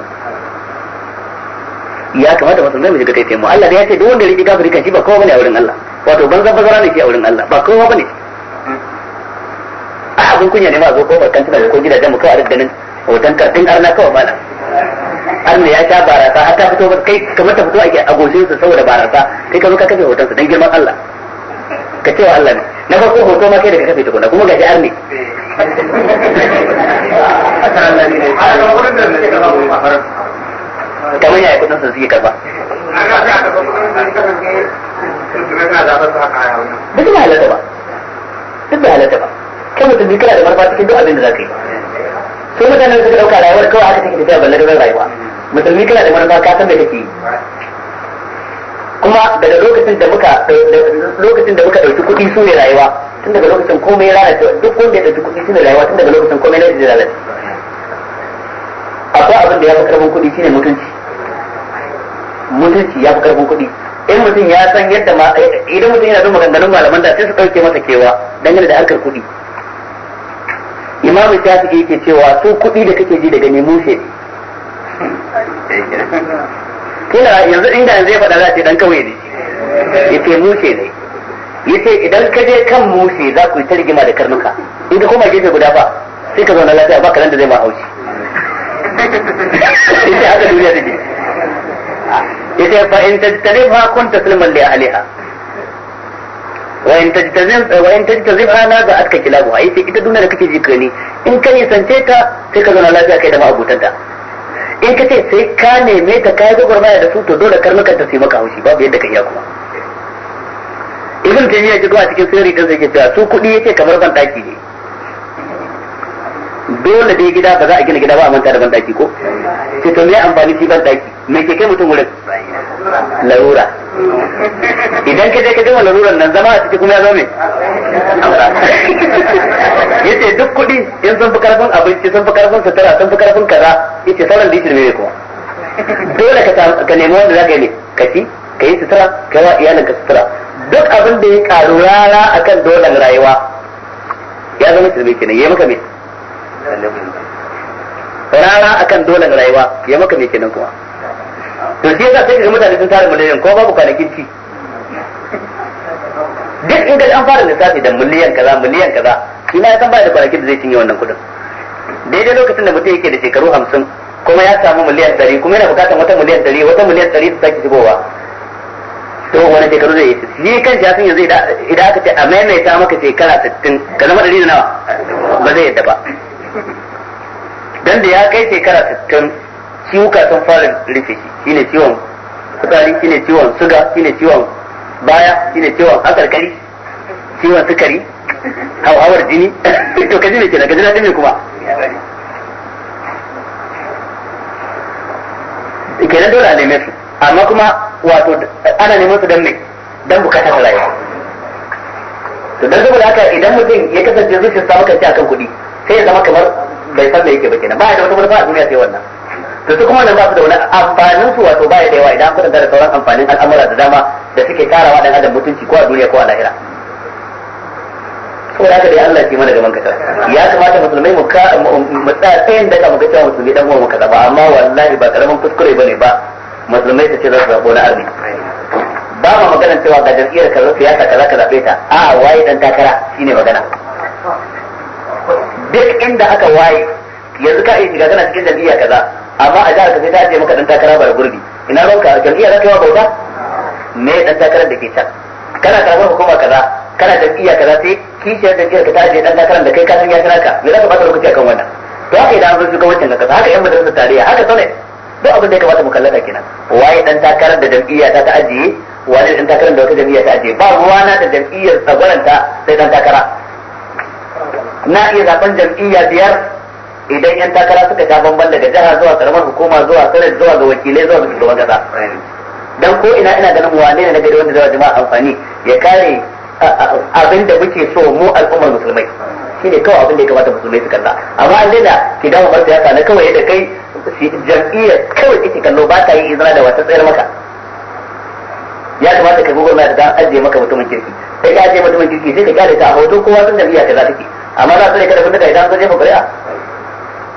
ya kamata musulmai mu shiga taitayin mu Allah da ya ce duk wanda ya riƙi kafiri kan shi ba kowa bane a wurin Allah wato banza bazara ne shi a wurin Allah ba kowa bane a abin kunya ne ma zo ko barkan tana ko gidajen mu kawai a daddanin hoton kartin arna kawai na. Allah ya sha barasa har ta fito kai kamar ta fito ake a goshin su saboda barasa kai ka zo ka kafe hoton su dan girman Allah ka ce wa Allah ne na farko hoto ma kai da ka kafe tukuna kuma gashi arni kamar yaya kudin su suke karba duk da halatta ba duk da halatta ba kai mutum bi kana da manufa cikin duk abin da za ka yi sai mutanen suka ɗauka rayuwar kawai aka take tafiya balle da rayuwa musulmi kana da manufa ka san da kake yi kuma daga lokacin da muka lokacin da muka ɗauki kuɗi su ne rayuwa tun daga lokacin komai ya lalace duk wanda ya ɗauki kuɗi su ne rayuwa tun daga lokacin komai ya lalace akwai abin da ya fi karfin kuɗi shine mutunci mutunci ya fi karfin kuɗi in mutum ya san yadda ma idan mutum yana bin maganganun malaman da sai su ɗauke masa kewa dangane da harkar kuɗi imamu shafi'i yake cewa su kuɗi da kake ji daga ne mushe kila yanzu inda yanzu ya faɗa za ce dan kawai ne yace mushe ne yace idan ka je kan mushe za ku yi ta rigima da karnuka in ka koma gefe guda ba sai ka zauna lafiya ba kalan da zai ma haushi yace haka duniya take yace fa in tajtarifa kunta sulman li ahliha wa in tajtazim wa in tajtazim ga atka kilabu ai sai ita duniya da kake ji ni in ka nisance ta sai ka zauna lafiya kai da ta in ka ce sai ka neme ta kai gwagwarmaya da su to dole karnukan ta su maka haushi babu yadda ka iya kuma ibn taymiya ya a cikin sirri kan sai cewa su kuɗi yake kamar ban daki ne dole dai gida ba za a gina gida ba a manta da ban daki ko sai to me amfani shi ban daki me ke kai mutum wurin larura idan ka je ka gama laruran nan zama a ciki kuma ya zo me yace duk kudi in sun fi karfin abinci sun fi karfin sutura sun fi karfin kaza yace sauran da yake ne kuma dole ka ka nemi wanda zaka yi ne ka ci ka yi sutura ka yi wa iyalin ka sutura duk abin da ya karu rara akan dolan rayuwa ya zama shirme kenan yayi maka me rara akan dolan rayuwa yayi maka me kenan kuma to shi yasa sai ga mutane sun tara miliyan ko babu kwanakin ci duk inda an fara lissafi da miliyan kaza miliyan kaza ina ya san baya da kwanakin da zai cinye wannan kuɗin daidai lokacin da mutum yake da shekaru hamsin kuma ya samu miliyan ɗari kuma yana bukatar wata miliyan ɗari wata miliyan ɗari ta sake shigowa to wani shekaru zai yi shi kan ya san yanzu idan aka ce a maimaita maka shekara sittin ka zama ɗari da nawa ba zai yadda ba don da ya kai shekara sittin ciwuka sun fara rufe shi shine ciwon sukari shine ciwon suga shine ciwon baya shine ciwon hakarkari ciwon sukari hawar jini [coughs] to kaji ne kenan kaji na dame kuma kenan dole a neme su amma kuma wato ana neman su don me dan bukatar rayuwa to dan saboda haka idan mutum ya kasance zuciya zuciyarsa maka ci akan kuɗi sai ya zama kamar bai san da yake ba kenan ba ya da wata ba a duniya sai wannan to su kuma nan ba su da wani amfanin su wato baya da yawa idan an da sauran amfanin al'amura da dama da suke karawa dan adam mutunci ko a duniya ko a lahira ko da dai Allah ke mana gaban kasa ya kamata musulmai mu ka mu tsaya tsayin daga mu ga cewa musulmi dan uwan mu kaza ba amma wallahi ba karaman kuskure bane ba musulmai su ce za su zabo na arni ba ma magana cewa ga jam'iyyar kaza siyasa kaza ka zabe ta a waye dan takara shine magana duk inda aka waye yanzu ka iya shiga kana cikin jam'iyya kaza amma a jihar kafin ta ce maka dan takara da gurbi ina ranka jam'iyya za ka wa bauta me dan takarar da ke can kana karamar hukuma kaza kana jam'iyya kaza sai kishiyar jam'iyyar ka ta ajiye dan takarar da kai ka san ya kira ka me za ka bata lokaci akan wannan to haka idan an shiga wancan kaza kasa haka yan majalisar tarayya haka sanai duk abin da ya kamata mu kallaka kenan waye dan takarar da jam'iyya ta ta ajiye Wani dan takarar da wata jam'iyya ta ajiye ba ruwana da jam'iyyar tsagwaranta sai dan takara na iya zaben jam'iyyar biyar idan yan takara suka ta bamban daga jihar zuwa karamar hukuma zuwa sanar zuwa ga wakilai zuwa ga shugaban kasa dan ko ina ina ganin wane ne na gari wanda zai jama'a amfani ya kare abin da muke so mu al'ummar musulmai shine kawai abin da ya kamata musulmai su kalla amma an daina ki dawo bar siyasa na kawai da kai jam'iyyar kawai kike kallo ba ta yi izina da wata tsayar maka ya kamata ka gogor na da ajiye maka mutumin kirki sai ka ajiye mutumin kirki sai ka kare ta a hoto kowa sun jam'iyya kaza take amma za su ne kada kun daga idan sun jefa ƙuri'a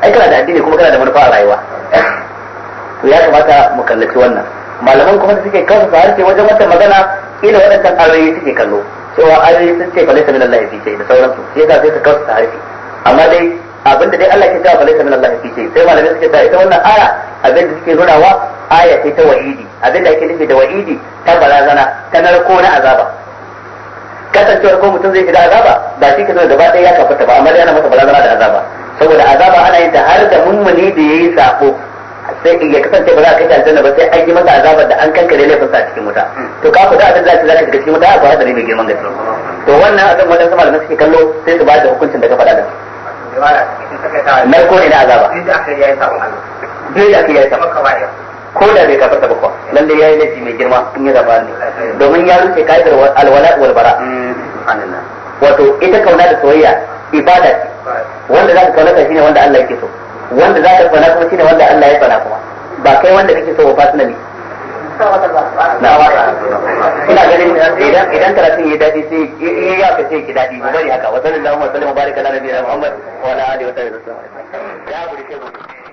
ai kana da addini kuma kana da manufa a rayuwa to ya kamata mu kallaci wannan malaman kuma suke kansu su harshe wajen wata magana ila waɗancan ayoyi suke kallo cewa ayoyi sun ce falaisa min Allah fi shay da sauransu sai yasa sai su kansu su harshe amma dai abinda dai Allah ke cewa falaisa min Allah fi shay sai malamai suke cewa ita wannan aya abinda suke nunawa aya ce ta wa'idi abinda ake nufi da wa'idi ta barazana ta narko na azaba kasancewar ko mutum zai shiga azaba ba shi ke gaba ɗaya ya kafa ta ba amma dai ana masa barazana da azaba saboda azaba ana yin ta har da mummuni da yayi sako sai ya kasance ba za ka kai aljanna ba sai an yi masa azabar da an kankare laifin sa cikin wuta to ka fita abin da zaka zaka shiga cikin wuta akwai hadari mai girman gaske to wannan abin wannan sama da suke kallo sai su ba da hukuncin da ka faɗa da narko ne na azaba duk da aka yi yayi sabon ko da bai kafarta ba kuwa lalle yayi laifi mai girma in ya zaba ne domin ya rufe kafir alwala wal bara mm, wato ita kauna da soyayya ibada ce wanda za ka shi ne wanda Allah yake so wanda za ka kauna kuma shi ne wanda Allah ya fana kuma ba kai wanda kake so ba fasina ne ina ganin idan idan karatun ya dadi sai ya ka sai ki dadi mu bari haka wa sallallahu alaihi wa sallam baraka ala nabiyina muhammad wa ala alihi wa sahbihi ya buri kai